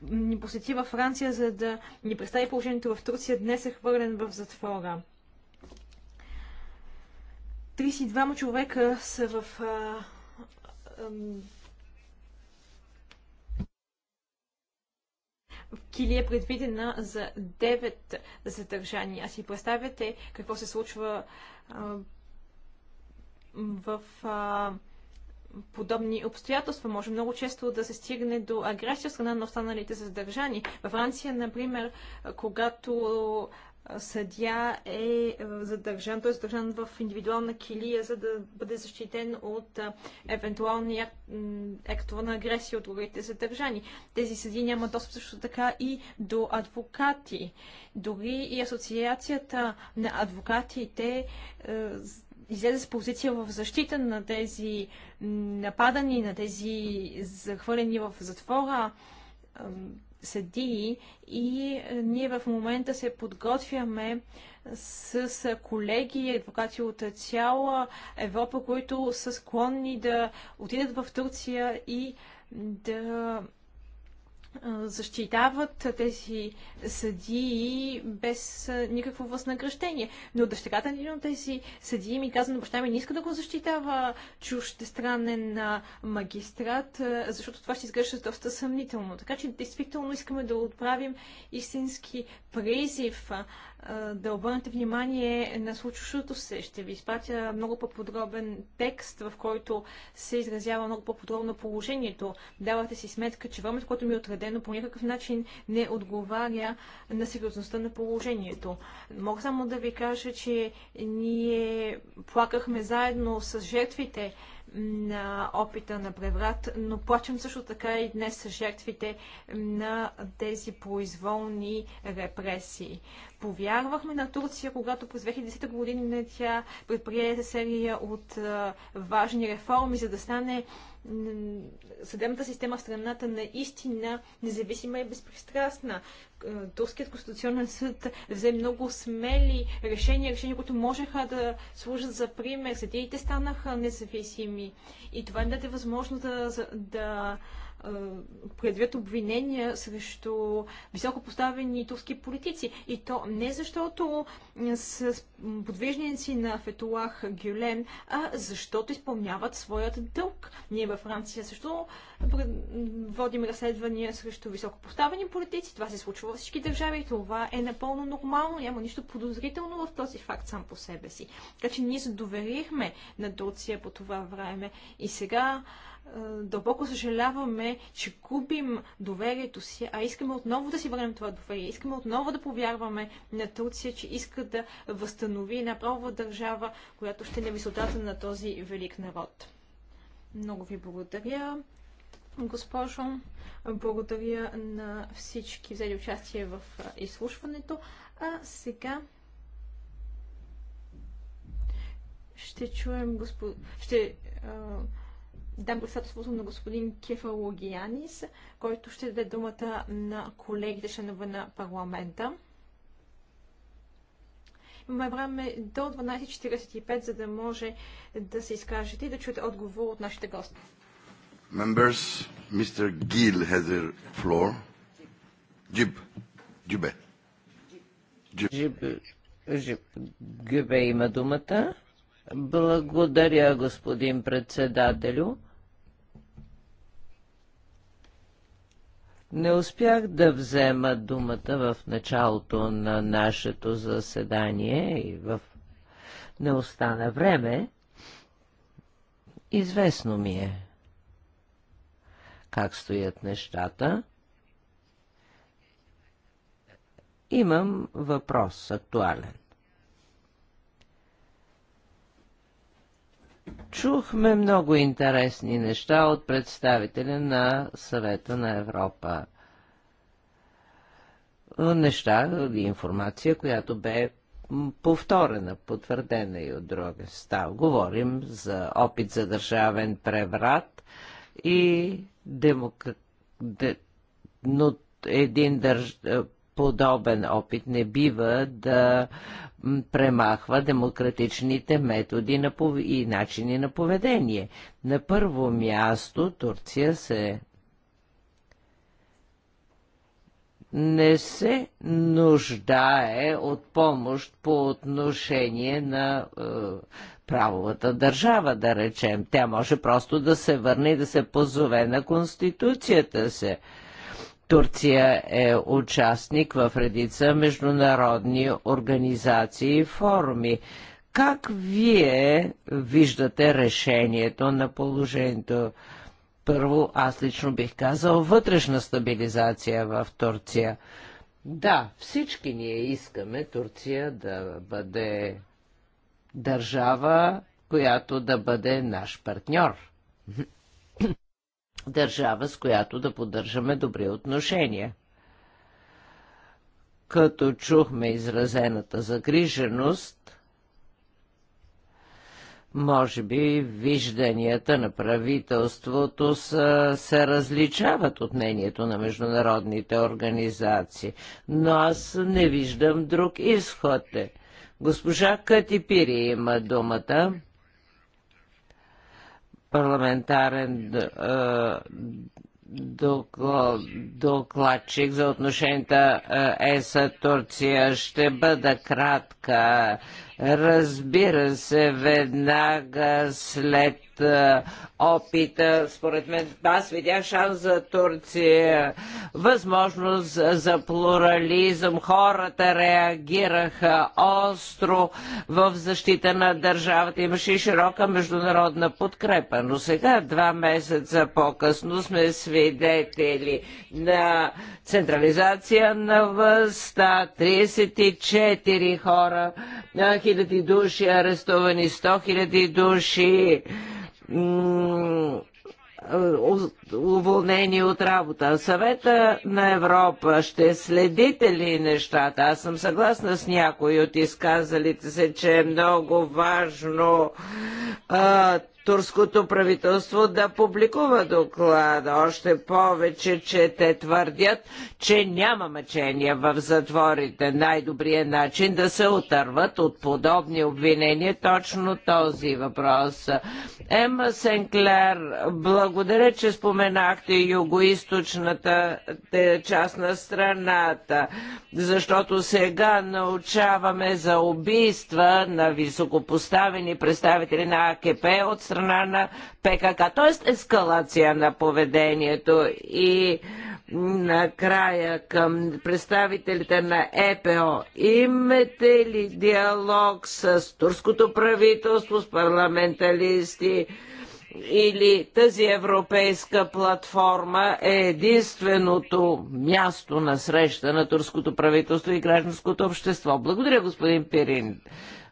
ни посети във Франция, за да ни представи положението в Турция, днес е хвърлен в затвора. 32 човека са в а, а, килия предвидена за 9 задържания. Си представяте какво се случва а, в а, подобни обстоятелства. Може много често да се стигне до агресия страна на останалите задържани. Във Франция, например, когато съдя е задържан, той е задържан в индивидуална килия, за да бъде защитен от евентуални актове на агресия от другите задържани. Тези съди нямат достъп също така и до адвокати. Дори и асоциацията на адвокатите излезе с позиция в защита на тези нападани, на тези захвърлени в затвора съдии и е, ние в момента се подготвяме с колеги и адвокати от цяла Европа, които са склонни да отидат в Турция и да защитават тези съдии без никакво възнаграждение. Но дъщерята ни от тези съдии ми каза но баща ми не иска да го защитава странен магистрат, защото това ще изглежда доста съмнително. Така че действително искаме да отправим истински призив да обърнете внимание на случващото се. Ще ви изпратя много по-подробен текст, в който се изразява много по-подробно положението. Давате си сметка, че времето, което ми е отредено, по някакъв начин не отговаря на сериозността на положението. Мога само да ви кажа, че ние плакахме заедно с жертвите на опита на преврат, но плачем също така и днес с жертвите на тези произволни репресии повярвахме на Турция, когато през 2010 година тя предприе серия от важни реформи, за да стане съдебната система в страната наистина независима и безпристрастна. Турският конституционен съд взе много смели решения, решения, които можеха да служат за пример. Съдиите станаха независими и това им даде възможност да, да предвид обвинения срещу високопоставени турски политици. И то не защото с подвижници на Фетулах Гюлен, а защото изпълняват своят дълг. Ние във Франция също водим разследвания срещу високопоставени политици. Това се случва във всички държави и това е напълно нормално. Няма нищо подозрително в този факт сам по себе си. Така че ние се доверихме на Турция по това време. И сега е, дълбоко съжаляваме, че губим доверието си, а искаме отново да си върнем това доверие. Искаме отново да повярваме на Турция, че иска да възстанови една правова държава, която ще е на висотата на този велик народ. Много ви благодаря, госпожо. Благодаря на всички взели участие в е, изслушването. А сега ще чуем господ... Ще, дам председателството на господин Кефа Логиянис, който ще даде думата на колегите членове на парламента. Имаме време до 12.45, за да може да се изкажете и да чуете отговор от нашите гости. Members, Mr. Gill has the floor. Джиб. Джибе. Джиб. Джиб. Гюбе има думата. Благодаря, господин председателю. Не успях да взема думата в началото на нашето заседание и в... не остана време. Известно ми е как стоят нещата. Имам въпрос актуален. Чухме много интересни неща от представителя на съвета на Европа. Неща и информация, която бе повторена, потвърдена и от друга став. Говорим за опит за държавен преврат и демократ... Де... но един държ подобен опит не бива да премахва демократичните методи на пов... и начини на поведение. На първо място Турция се не се нуждае от помощ по отношение на е, правовата държава, да речем. Тя може просто да се върне и да се позове на Конституцията се Турция е участник в редица международни организации и форуми. Как вие виждате решението на положението? Първо, аз лично бих казал вътрешна стабилизация в Турция. Да, всички ние искаме Турция да бъде държава, която да бъде наш партньор държава, с която да поддържаме добри отношения. Като чухме изразената загриженост, може би вижданията на правителството са, се различават от мнението на международните организации, но аз не виждам друг изход. Госпожа Катипири има думата парламентарен е, докладчик за отношенията ЕС-Турция. Ще бъда кратка. Разбира се, веднага след опита, според мен, аз видях шанс за Турция, възможност за плурализъм. Хората реагираха остро в защита на държавата. Имаше и широка международна подкрепа. Но сега, два месеца по-късно, сме свидетели на централизация на властта. 34 хора, Хиляди души арестувани, 100 хиляди души уволнени от работа. Съвета на Европа ще следите ли нещата? Аз съм съгласна с някои от изказалите се, че е много важно а, турското правителство да публикува доклада. Още повече, че те твърдят, че няма мъчения в затворите. Най-добрият начин да се отърват от подобни обвинения точно този въпрос. Ема Сенклер, благодаря, че споменахте югоисточната е, част на страната, защото сега научаваме за убийства на високопоставени представители на АКП от страната страна на ПКК. Тоест ескалация на поведението и накрая към представителите на ЕПО. Имате ли диалог с турското правителство, с парламенталисти? или тази европейска платформа е единственото място на среща на турското правителство и гражданското общество. Благодаря, господин Пирин.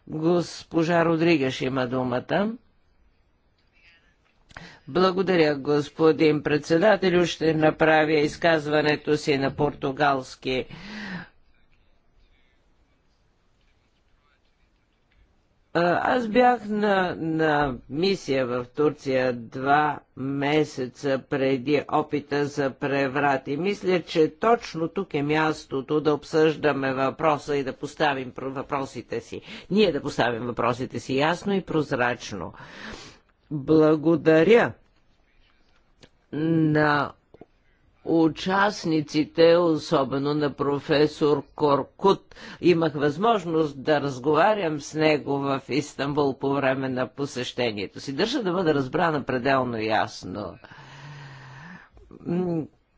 Госпожа Родригаш има думата. Благодаря, господин председател, Ще направя изказването си на португалски. Аз бях на, на мисия в Турция два месеца преди опита за преврат и мисля, че точно тук е мястото да обсъждаме въпроса и да поставим въпросите си. Ние да поставим въпросите си ясно и прозрачно. Благодаря на участниците, особено на професор Коркут. Имах възможност да разговарям с него в Истанбул по време на посещението си. Държа да бъда разбрана пределно ясно.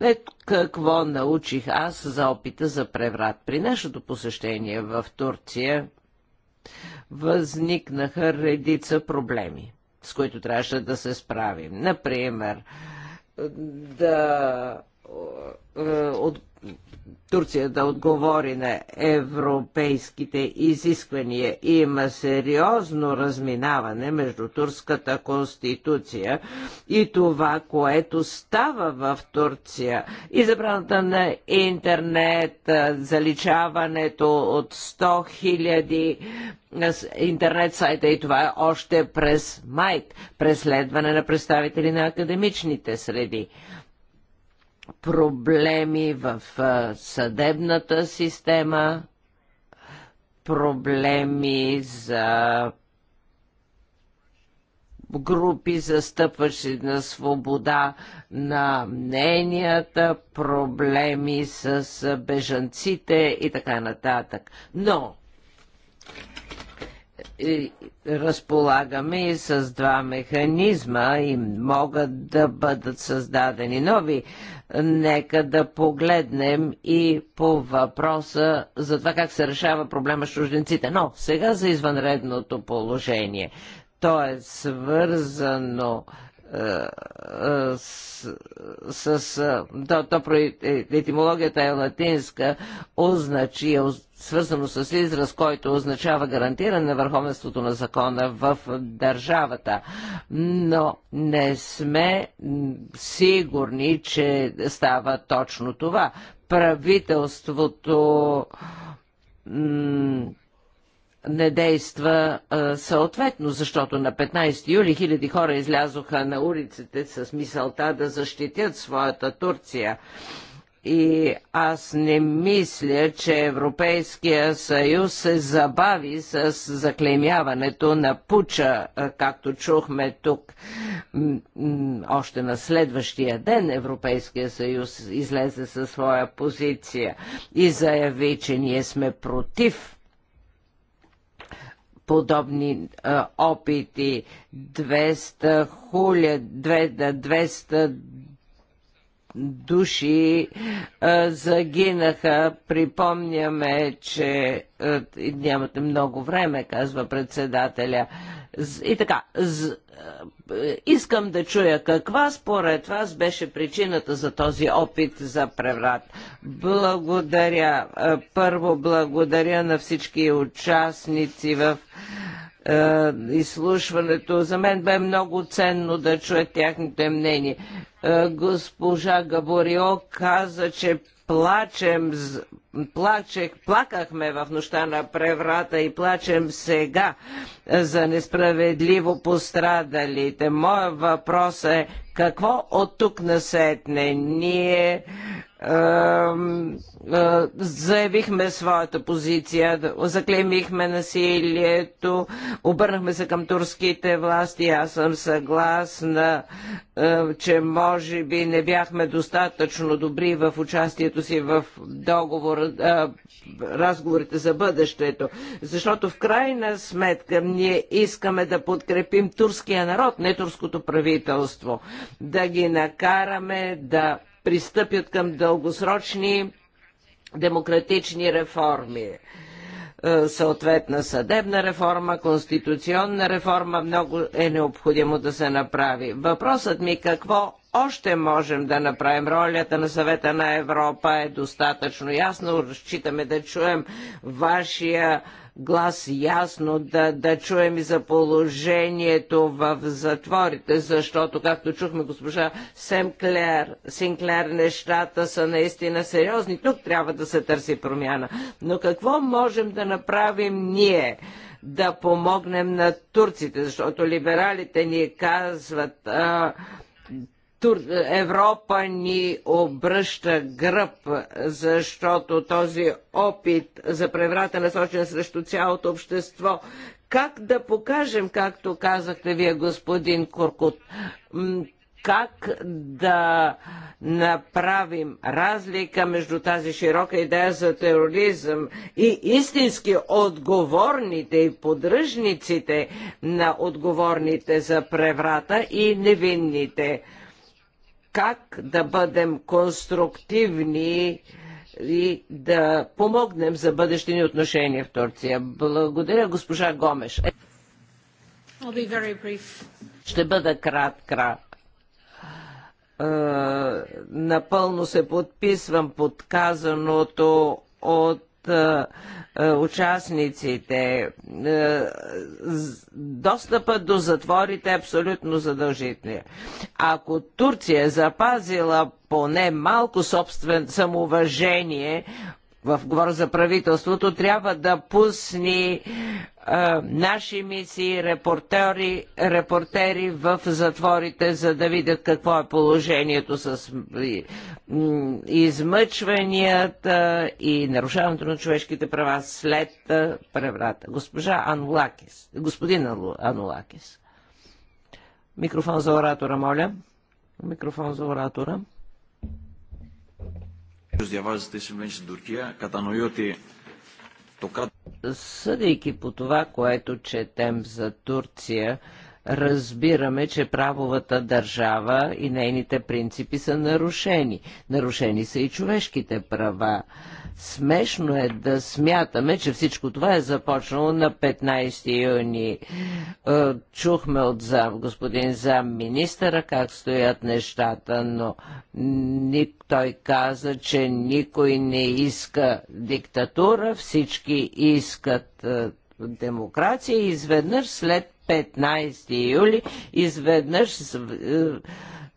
Ето какво научих аз за опита за преврат. При нашето посещение в Турция възникнаха редица проблеми с които трябваше да се справим. Например, да е, от Турция да отговори на европейските изисквания. Има сериозно разминаване между турската конституция и това, което става в Турция. И забраната на интернет, заличаването от 100 хиляди интернет сайта и това е още през май, преследване на представители на академичните среди проблеми в съдебната система, проблеми за групи, застъпващи на свобода на мненията, проблеми с бежанците и така нататък. Но разполагаме и с два механизма и могат да бъдат създадени нови. Нека да погледнем и по въпроса за това как се решава проблема с чужденците. Но сега за извънредното положение. То е свързано е, е, с, с е, то, то про етимологията е латинска, означи, е свързано с израз, който означава гарантиране на върховенството на закона в държавата. Но не сме сигурни, че става точно това. Правителството не действа а, съответно, защото на 15 юли хиляди хора излязоха на улиците с мисълта да защитят своята Турция. И аз не мисля, че Европейския съюз се забави с заклемяването на пуча, както чухме тук. Още на следващия ден Европейския съюз излезе със своя позиция и заяви, че ние сме против подобни а, опити. 200 хуля, 200 души загинаха. Припомняме, че нямате много време, казва председателя. И така, искам да чуя каква според вас беше причината за този опит за преврат. Благодаря. Първо благодаря на всички участници в е, изслушването. За мен бе много ценно да чуя тяхните мнения. Е, госпожа Габорио каза, че плачем, плачех, плакахме в нощта на преврата и плачем сега за несправедливо пострадалите. Моя въпрос е какво от тук насетне ние заявихме своята позиция, заклемихме насилието, обърнахме се към турските власти. Аз съм съгласна, че може би не бяхме достатъчно добри в участието участието си в договор, а, разговорите за бъдещето. Защото в крайна сметка ние искаме да подкрепим турския народ, не турското правителство. Да ги накараме да пристъпят към дългосрочни демократични реформи. Е, съответна съдебна реформа, конституционна реформа, много е необходимо да се направи. Въпросът ми е какво още можем да направим. Ролята на съвета на Европа е достатъчно ясно. Разчитаме да чуем вашия глас ясно да, да чуем и за положението в затворите, защото, както чухме госпожа Семклер, Синклер, нещата са наистина сериозни. Тук трябва да се търси промяна. Но какво можем да направим ние? да помогнем на турците, защото либералите ни казват, а, Тур... Европа ни обръща гръб, защото този опит за преврата насочен срещу цялото общество, как да покажем, както казахте вие, господин Куркут, как да направим разлика между тази широка идея за тероризъм и истински отговорните и поддръжниците на отговорните за преврата и невинните как да бъдем конструктивни и да помогнем за бъдещи ни отношения в Турция. Благодаря, госпожа Гомеш. Ще бъда кратка. Е, напълно се подписвам под казаното от участниците. Достъпът до затворите е абсолютно задължителен. Ако Турция е запазила поне малко собствен самоуважение в говор за правителството, трябва да пусни наши мисии, репортери, репортери в затворите, за да видят какво е положението с измъчванията и нарушаването на човешките права след преврата. Госпожа Анулакис, господин Анулакис. Микрофон за оратора, моля. Микрофон за оратора. Διαβάζετε τι συμβαίνει στην Τουρκία. Κατανοεί ότι Съдейки по това, което четем за Турция, разбираме, че правовата държава и нейните принципи са нарушени. Нарушени са и човешките права. Смешно е да смятаме, че всичко това е започнало на 15 юни. Е, чухме от зам, господин зам министъра как стоят нещата, но той каза, че никой не иска диктатура, всички искат е, демокрация и изведнъж след 15 юли, изведнъж е,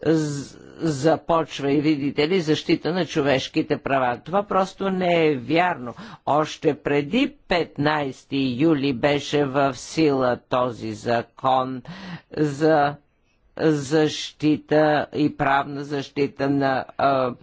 започва и видите ли защита на човешките права. Това просто не е вярно. Още преди 15 юли беше в сила този закон за защита и правна защита на, а,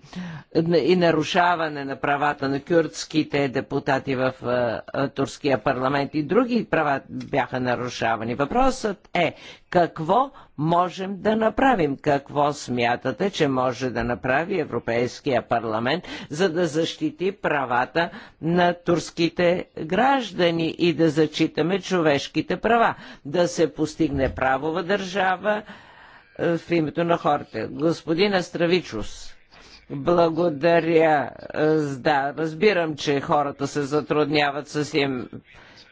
и нарушаване на правата на кюрдските депутати в а, турския парламент и други права бяха нарушавани. Въпросът е какво можем да направим? Какво смятате, че може да направи Европейския парламент, за да защити правата на турските граждани и да зачитаме човешките права? Да се постигне правова държава, е, в името на хората. Господин Астравичус, благодаря. Е, да, разбирам, че хората се затрудняват с им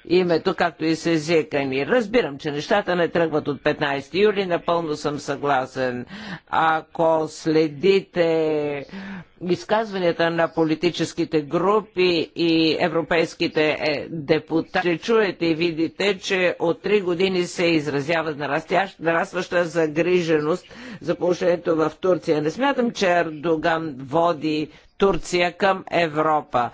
името, както и с езика ни. Разбирам, че нещата не тръгват от 15 юли, напълно съм съгласен. Ако следите изказванията на политическите групи и европейските е, депутати, ще чуете и видите, че от 3 години се изразява нарастваща загриженост за положението в Турция. Не смятам, че Ердоган води Турция към Европа.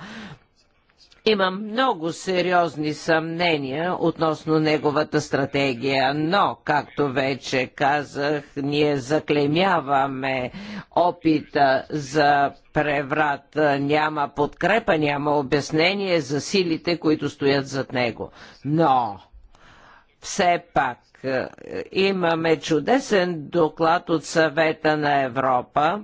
Имам много сериозни съмнения относно неговата стратегия, но, както вече казах, ние заклемяваме опита за преврат. Няма подкрепа, няма обяснение за силите, които стоят зад него. Но, все пак, имаме чудесен доклад от съвета на Европа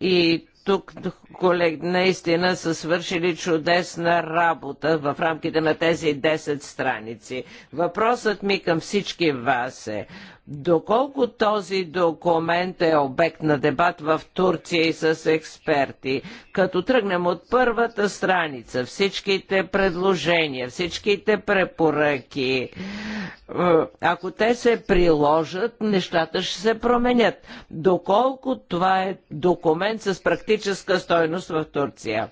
и тук колег наистина са свършили чудесна работа в рамките на тези 10 страници. Въпросът ми към всички вас е, Доколко този документ е обект на дебат в Турция и с експерти, като тръгнем от първата страница, всичките предложения, всичките препоръки, е, ако те се приложат, нещата ще се променят. Доколко това е документ с практическа стойност в Турция?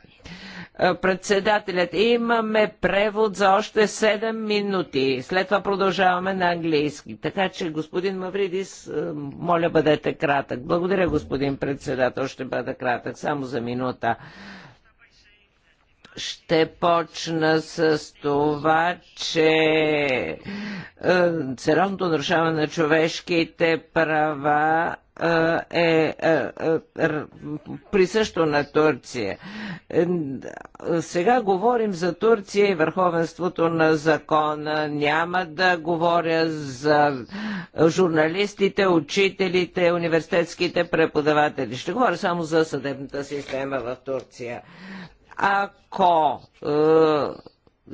Е, председателят, имаме превод за още 7 минути. След това продължаваме на английски. Така че, господин Мавридис, е, моля бъдете кратък. Благодаря, господин председател. Ще бъда кратък, само за минута. Ще почна с това, че е, сериозното нарушаване на човешките права е, е, е, е присъщо на Турция. Сега говорим за Турция и върховенството на закона. Няма да говоря за журналистите, учителите, университетските преподаватели. Ще говоря само за съдебната система в Турция. Ако е,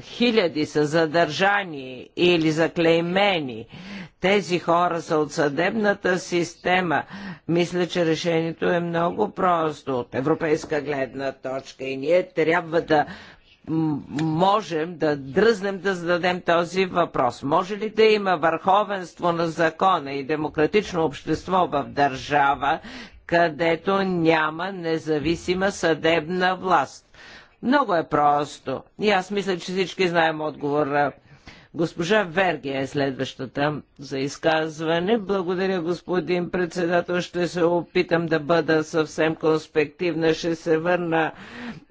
хиляди са задържани или заклеймени. Тези хора са от съдебната система. Мисля, че решението е много просто от европейска гледна точка и ние трябва да можем да дръзнем да зададем този въпрос. Може ли да има върховенство на закона и демократично общество в държава, където няма независима съдебна власт? Много е просто. И аз мисля, че всички знаем отговора. Госпожа Вергия е следващата за изказване. Благодаря, господин председател. Ще се опитам да бъда съвсем конспективна. Ще се върна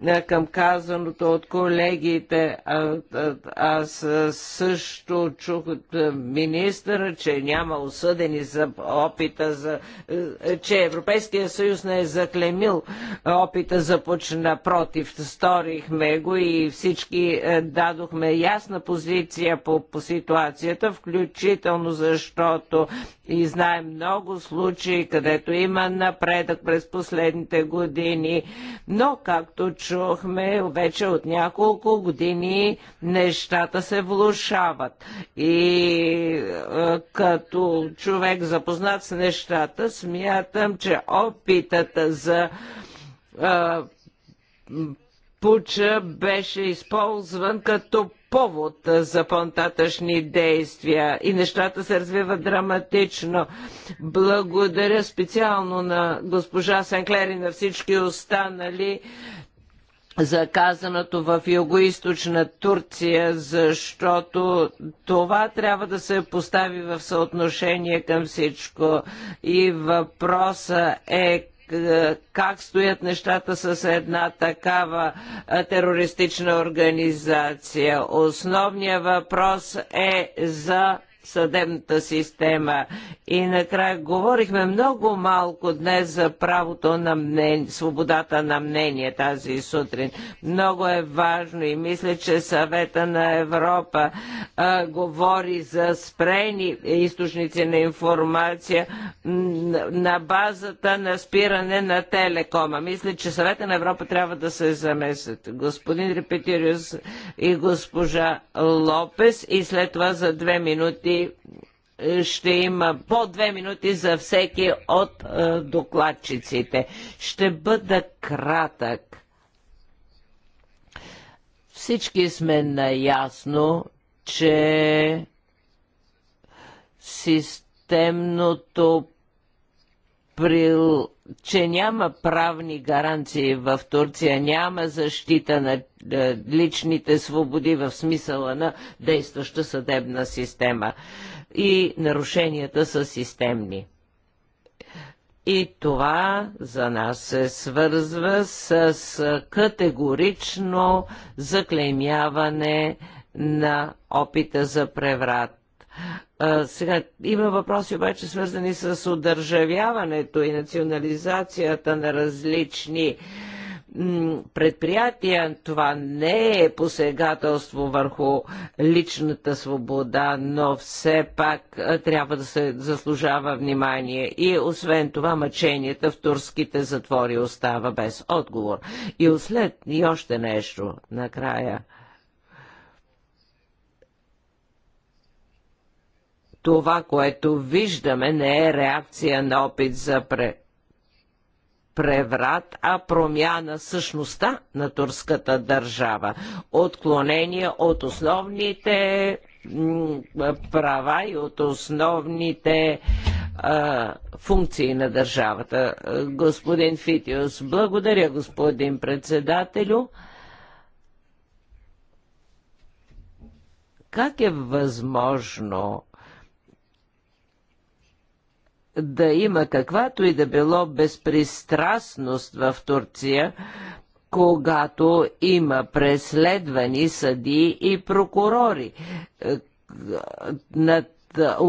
е, към казаното от колегите. А, а, аз е, също чух от е, министъра, че няма осъдени за опита за... че Европейския съюз не е заклемил опита за почина против. Сторихме го и всички дадохме ясна позиция по по, по ситуацията, включително защото и знаем много случаи, където има напредък през последните години, но както чухме, вече от няколко години нещата се влушават. И е, като човек запознат с нещата, смятам, че опитата за е, пуча беше използван като повод за понтатъчни действия и нещата се развиват драматично. Благодаря специално на госпожа Сенклер и на всички останали за казаното в юго Турция, защото това трябва да се постави в съотношение към всичко. И въпроса е е, как стоят нещата с една такава е, терористична организация. Основният въпрос е за съдебната система. И накрая говорихме много малко днес за правото на мнение, свободата на мнение тази сутрин. Много е важно и мисля, че съвета на Европа а, говори за спрени източници на информация на базата на спиране на телекома. Мисля, че съвета на Европа трябва да се замесят. Господин Репетириус и госпожа Лопес и след това за две минути минути е, ще има по две минути за всеки от е, докладчиците. Ще бъда кратък. Всички сме наясно, че системното прил че няма правни гаранции в Турция, няма защита на е, личните свободи в смисъла на действаща съдебна система и нарушенията са системни. И това за нас се свързва с категорично заклеймяване на опита за преврат. Сега има въпроси обаче свързани с одържавяването и национализацията на различни предприятия. Това не е посегателство върху личната свобода, но все пак трябва да се заслужава внимание. И освен това мъченията в турските затвори остава без отговор. И след и още нещо накрая – това, което виждаме, не е реакция на опит за пре... преврат, а промяна същността на турската държава. Отклонение от основните права и от основните а, функции на държавата. Господин Фитиус, благодаря, господин председателю. Как е възможно да има каквато и да било безпристрастност в Турция, когато има преследвани съди и прокурори. Е, над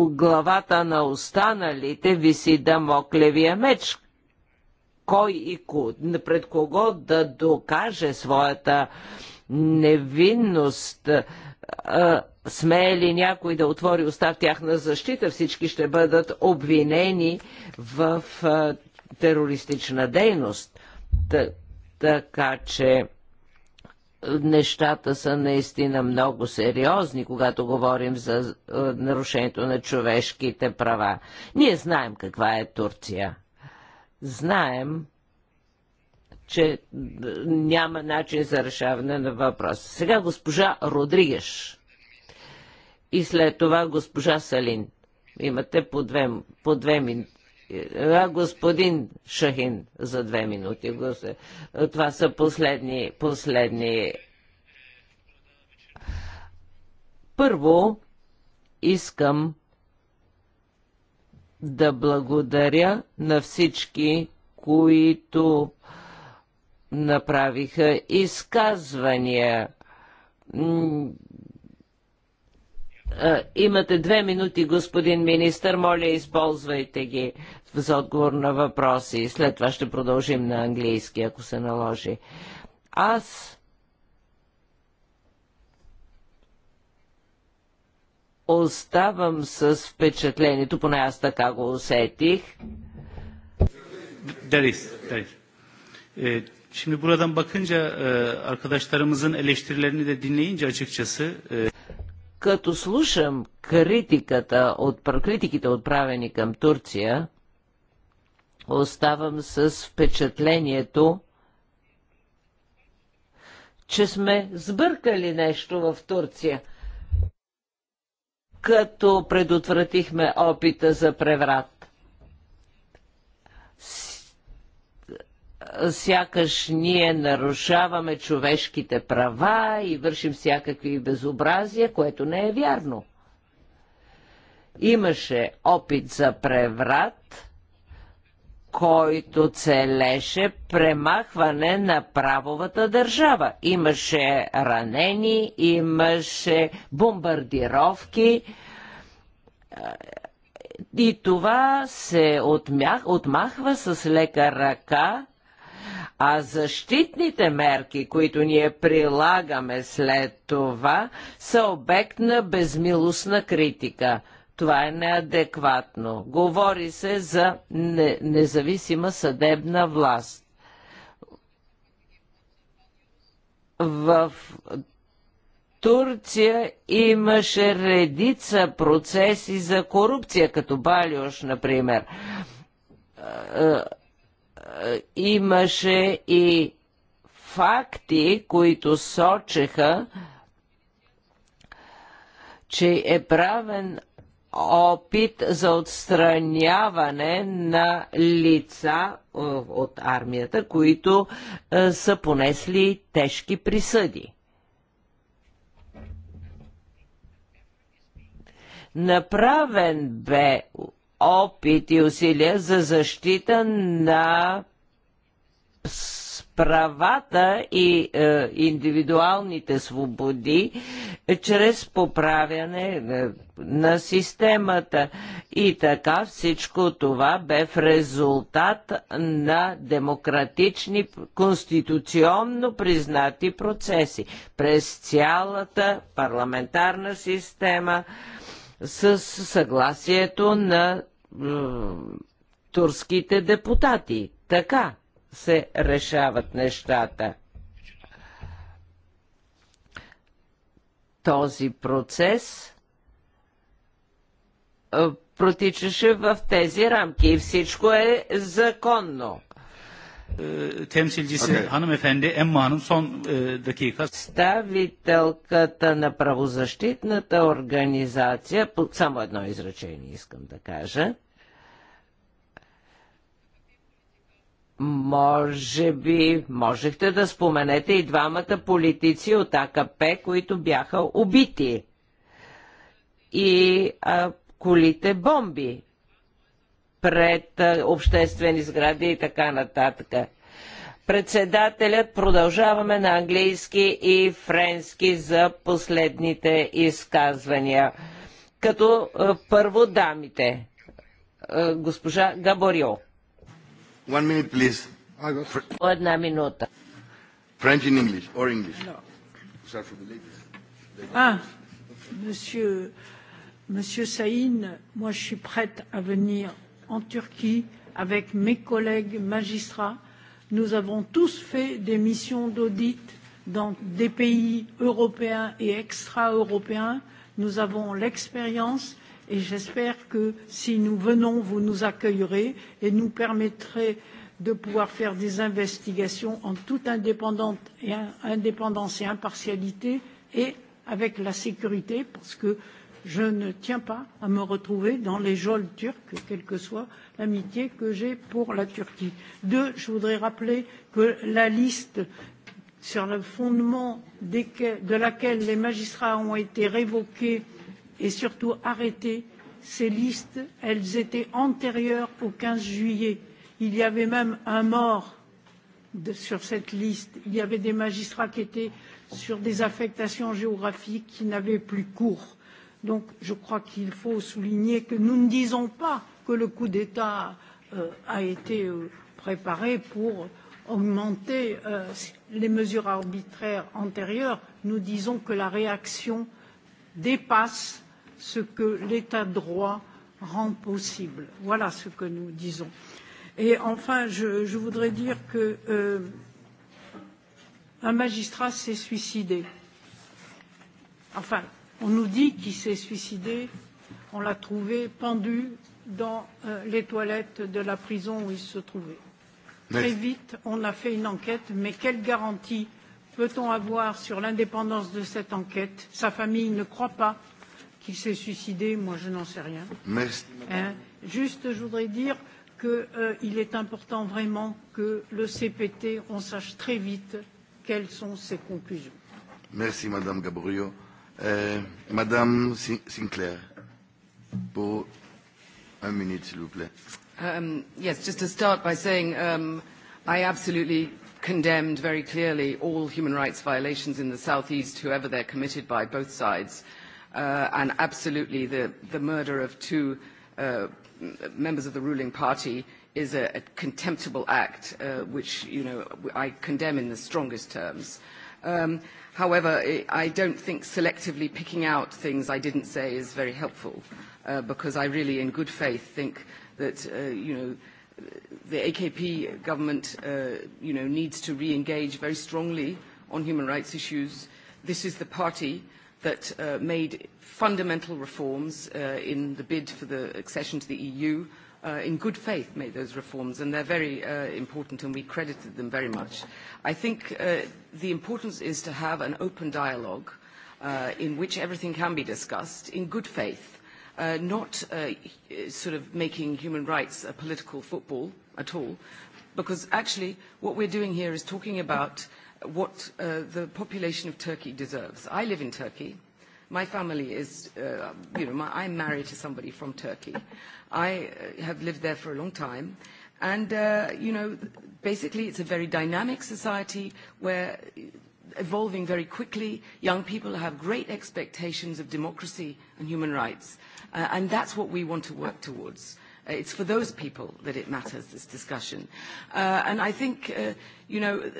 главата на останалите виси дамоклевия меч. Кой и пред кого да докаже своята невинност. Е, смее ли някой да отвори уста в тяхна защита, всички ще бъдат обвинени в а, терористична дейност. Т- така че нещата са наистина много сериозни, когато говорим за а, нарушението на човешките права. Ние знаем каква е Турция. Знаем, че няма начин за решаване на въпроса. Сега госпожа Родригеш и след това госпожа Салин. Имате по две, по две минути. А, господин Шахин за две минути. Това са последни, последни. Първо искам да благодаря на всички, които направиха изказвания Имате две минути, господин министър. Моля, използвайте ги за отговор на въпроси. След това ще продължим на английски, ако се наложи. Аз оставам с впечатлението, поне аз така го усетих. Deriz, deriz. Е, şimdi buradan bakınca е, arkadaşlarımızın eleştirilerini de dinleyince açıkçası... Е, като слушам критиката от, критиките отправени към Турция, оставам с впечатлението, че сме сбъркали нещо в Турция, като предотвратихме опита за преврат сякаш ние нарушаваме човешките права и вършим всякакви безобразия, което не е вярно. Имаше опит за преврат, който целеше премахване на правовата държава. Имаше ранени, имаше бомбардировки и това се отмях, отмахва с лека ръка а защитните мерки, които ние прилагаме след това, са обект на безмилостна критика. Това е неадекватно. Говори се за не, независима съдебна власт. В Турция имаше редица процеси за корупция, като Балиош, например е, е, е, имаше и факти, които сочеха, че е правен опит за отстраняване на лица е, от армията, които е, са понесли тежки присъди. Направен бе опит и усилия за защита на правата и е, индивидуалните свободи е, чрез поправяне е, на системата. И така всичко това бе в резултат на демократични, конституционно признати процеси през цялата парламентарна система с съгласието на е, турските депутати. Така се решават нещата. Този процес е, протичаше в тези рамки и всичко е законно. Е, темсилчиси ханымефенди Емма Ханım е, дакика. Ставителката на правозащитната организация, само едно изречение искам да кажа, Може би можехте да споменете и двамата политици от АКП, които бяха убити. И а, колите бомби пред обществени сгради и така нататък. Председателят продължаваме на английски и френски за последните изказвания. Като първо дамите. Госпожа Габорио. One minute, please. По една минута. French in English or English? No. Sorry for the ladies. Ah, monsieur, monsieur Saïn, moi je suis prête à venir en Turquie avec mes collègues magistrats. Nous avons tous fait des missions d'audit dans des pays européens et extra-européens. Nous avons l'expérience et j'espère que si nous venons, vous nous accueillerez et nous permettrez de pouvoir faire des investigations en toute indépendance et impartialité et avec la sécurité parce que je ne tiens pas à me retrouver dans les geôles turques, quelle que soit l'amitié que j'ai pour la Turquie. Deux, je voudrais rappeler que la liste sur le fondement de laquelle les magistrats ont été révoqués et surtout arrêtés, ces listes, elles étaient antérieures au 15 juillet. Il y avait même un mort de, sur cette liste. Il y avait des magistrats qui étaient sur des affectations géographiques qui n'avaient plus cours. Donc je crois qu'il faut souligner que nous ne disons pas que le coup d'État a été préparé pour augmenter les mesures arbitraires antérieures. Nous disons que la réaction dépasse ce que l'état de droit rend possible. Voilà ce que nous disons. Et enfin, je, je voudrais dire que euh, un magistrat s'est suicidé. Enfin, On nous dit qu'il s'est suicidé. On l'a trouvé pendu dans euh, les toilettes de la prison où il se trouvait. Mais... Très vite, on a fait une enquête, mais quelle garantie peut-on avoir sur l'indépendance de cette enquête Sa famille ne croit pas qu'il s'est suicidé, moi je n'en sais rien. Merci. Hein Juste, je voudrais dire qu'il est important vraiment que le CPT, on sache très vite quelles sont ses conclusions. Merci Madame Gabriel. Euh, Madame Sinclair, pour un minute, s'il vous plaît. Um, yes, just to start by saying um, I absolutely condemned very clearly all human rights violations in the southeast, whoever they're committed by, both sides, uh, and absolutely the, the murder of two uh, members of the ruling party is a, a contemptible act, uh, which you know I condemn in the strongest terms. Um, However, I don't think selectively picking out things I didn't say is very helpful uh, because I really, in good faith, think that, uh, you know, the AKP government, uh, you know, needs to re-engage very strongly on human rights issues. This is the party that uh, made fundamental reforms uh, in the bid for the accession to the EU uh, in good faith, made those reforms, and they're very uh, important, and we credited them very much. I think uh, the importance is to have an open dialogue uh, in which everything can be discussed in good faith, uh, not uh, sort of making human rights a political football at all, because actually what we're doing here is talking about what uh, the population of Turkey deserves. I live in Turkey. My family is, uh, you know, my, I'm married to somebody from Turkey. I have lived there for a long time. And, uh, you know, basically it's a very dynamic society where evolving very quickly. Young people have great expectations of democracy and human rights. Uh, and that's what we want to work towards. It's for those people that it matters, this discussion. Uh, and I think, uh, you know,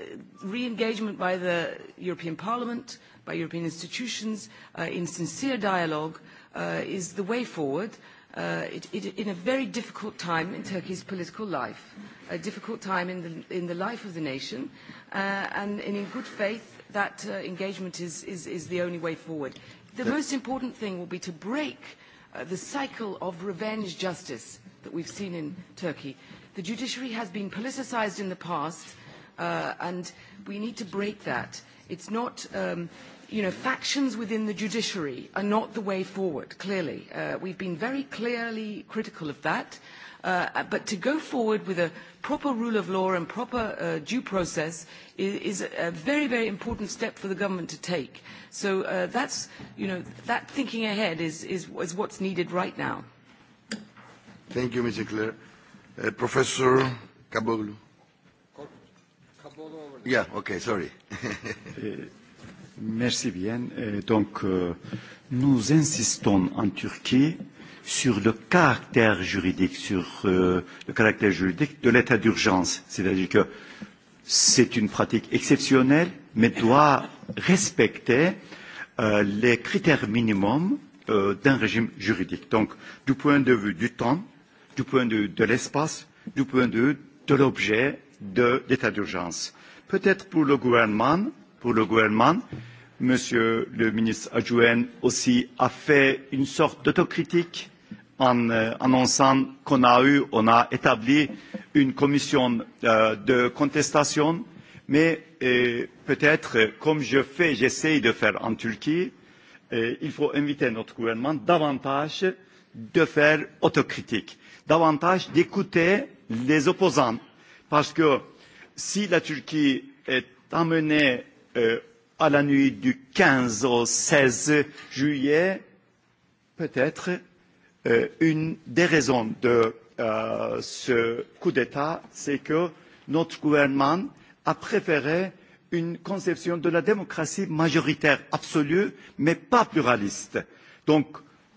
re-engagement by the European Parliament, by European institutions, uh, in sincere dialogue uh, is the way forward uh, it, it, in a very difficult time in Turkey's political life, a difficult time in the, in the life of the nation, uh, and, in good faith, that uh, engagement is, is, is the only way forward. The most important thing will be to break uh, the cycle of revenge justice that we've seen in Turkey. The judiciary has been politicized in the past, uh, and we need to break that. It's not... Um, you know, factions within the judiciary are not the way forward, clearly. Uh, we've been very clearly critical of that. Uh, but to go forward with a proper rule of law and proper uh, due process is, is a very, very important step for the government to take. So uh, that's, you know, that thinking ahead is, is, is what's needed right now. Thank you, Mr. Clare. Uh, Professor Kaboglu. Yeah, okay, sorry. Merci bien. donc, euh, nous insistons en Turquie sur le caractère juridique, sur euh, le caractère juridique de l'état d'urgence. C'est-à-dire que c'est une pratique exceptionnelle, mais doit respecter euh, les critères minimums euh, d'un régime juridique. Donc, du point de vue du temps, du point de vue de l'espace, du point de vue de l'objet de l'état d'urgence. Peut-être pour le gouvernement, pour le gouvernement. Monsieur le ministre adjoint aussi a fait une sorte d'autocritique en annonçant qu'on a eu, on a établi une commission de contestation, mais peut-être, comme je fais, j'essaye de faire en Turquie, il faut inviter notre gouvernement davantage de faire autocritique, davantage d'écouter les opposants. Parce que si la Turquie est amenée à la nuit du quinze au seize juillet, peut-être une des raisons de ce coup d'État, c'est que notre gouvernement a préféré une conception de la démocratie majoritaire absolue, mais pas pluraliste. Donc,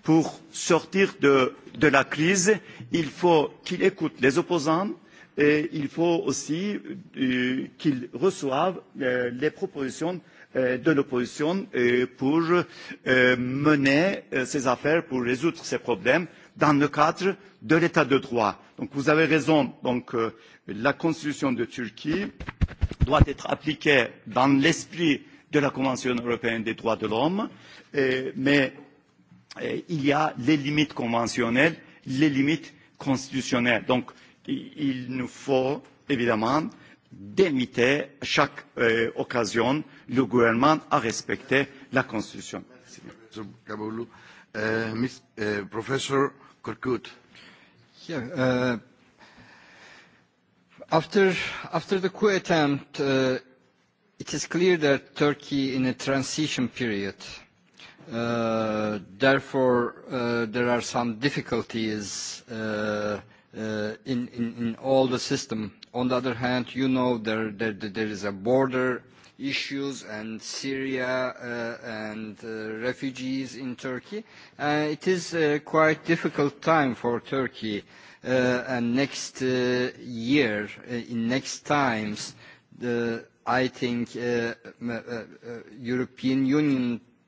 pour sortir de, la crise, il faut qu'il écoute les opposants, il faut aussi qu'ils reçoivent les propositions de l'opposition pour mener ses affaires, pour résoudre ses problèmes dans le cadre de l'état de droit. Donc vous avez raison, donc, la constitution de Turquie doit être appliquée dans l'esprit de la Convention européenne des droits de l'homme, mais il y a les limites conventionnelles, les limites constitutionnelles. Donc il nous faut évidemment d'imiter à chaque euh, occasion le gouvernement à respecter la Constitution. Korkut. after, after the coup attempt, uh, it is clear that Turkey in a transition period. Uh, therefore, uh, there are some difficulties uh, in, in, in all the system. On the other hand, you know there, there, there is a border issues and Syria uh, and uh, refugees in Turkey. Uh, it is a quite difficult time for Turkey uh, and next uh, year, uh, in next times, the, I think uh, uh, uh, European Union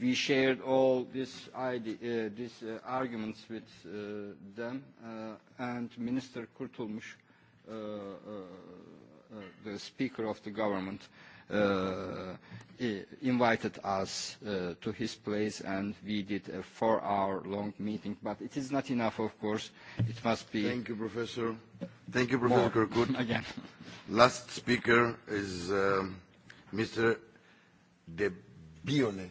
We shared all these idea, uh, these uh, arguments with uh, them, uh, and Minister Kurtulmuş, uh, uh, the Speaker of the government, uh, invited us uh, to his place, and we did a four-hour-long meeting. But it is not enough, of course. It must be. Thank you, Professor. Thank you, Professor Kurkut. Again. Last speaker is uh, Mr. De Bionet.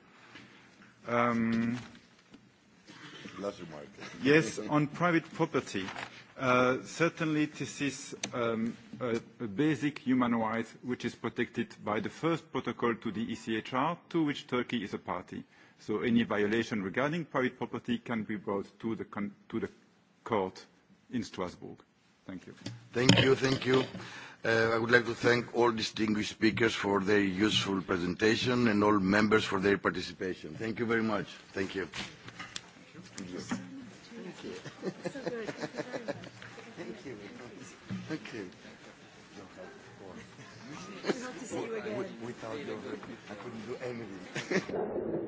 Um, Last remark. Yes, on private property. Uh, certainly, this is um, a, a basic human right which is protected by the first protocol to the ECHR, to which Turkey is a party. So any violation regarding private property can be brought to the, con- to the court in Strasbourg. Thank you. Thank you. Thank you. I would like to thank all distinguished speakers for their useful presentation and all members for their participation. Thank you very much. Thank you. Thank you. Thank you. Thank you.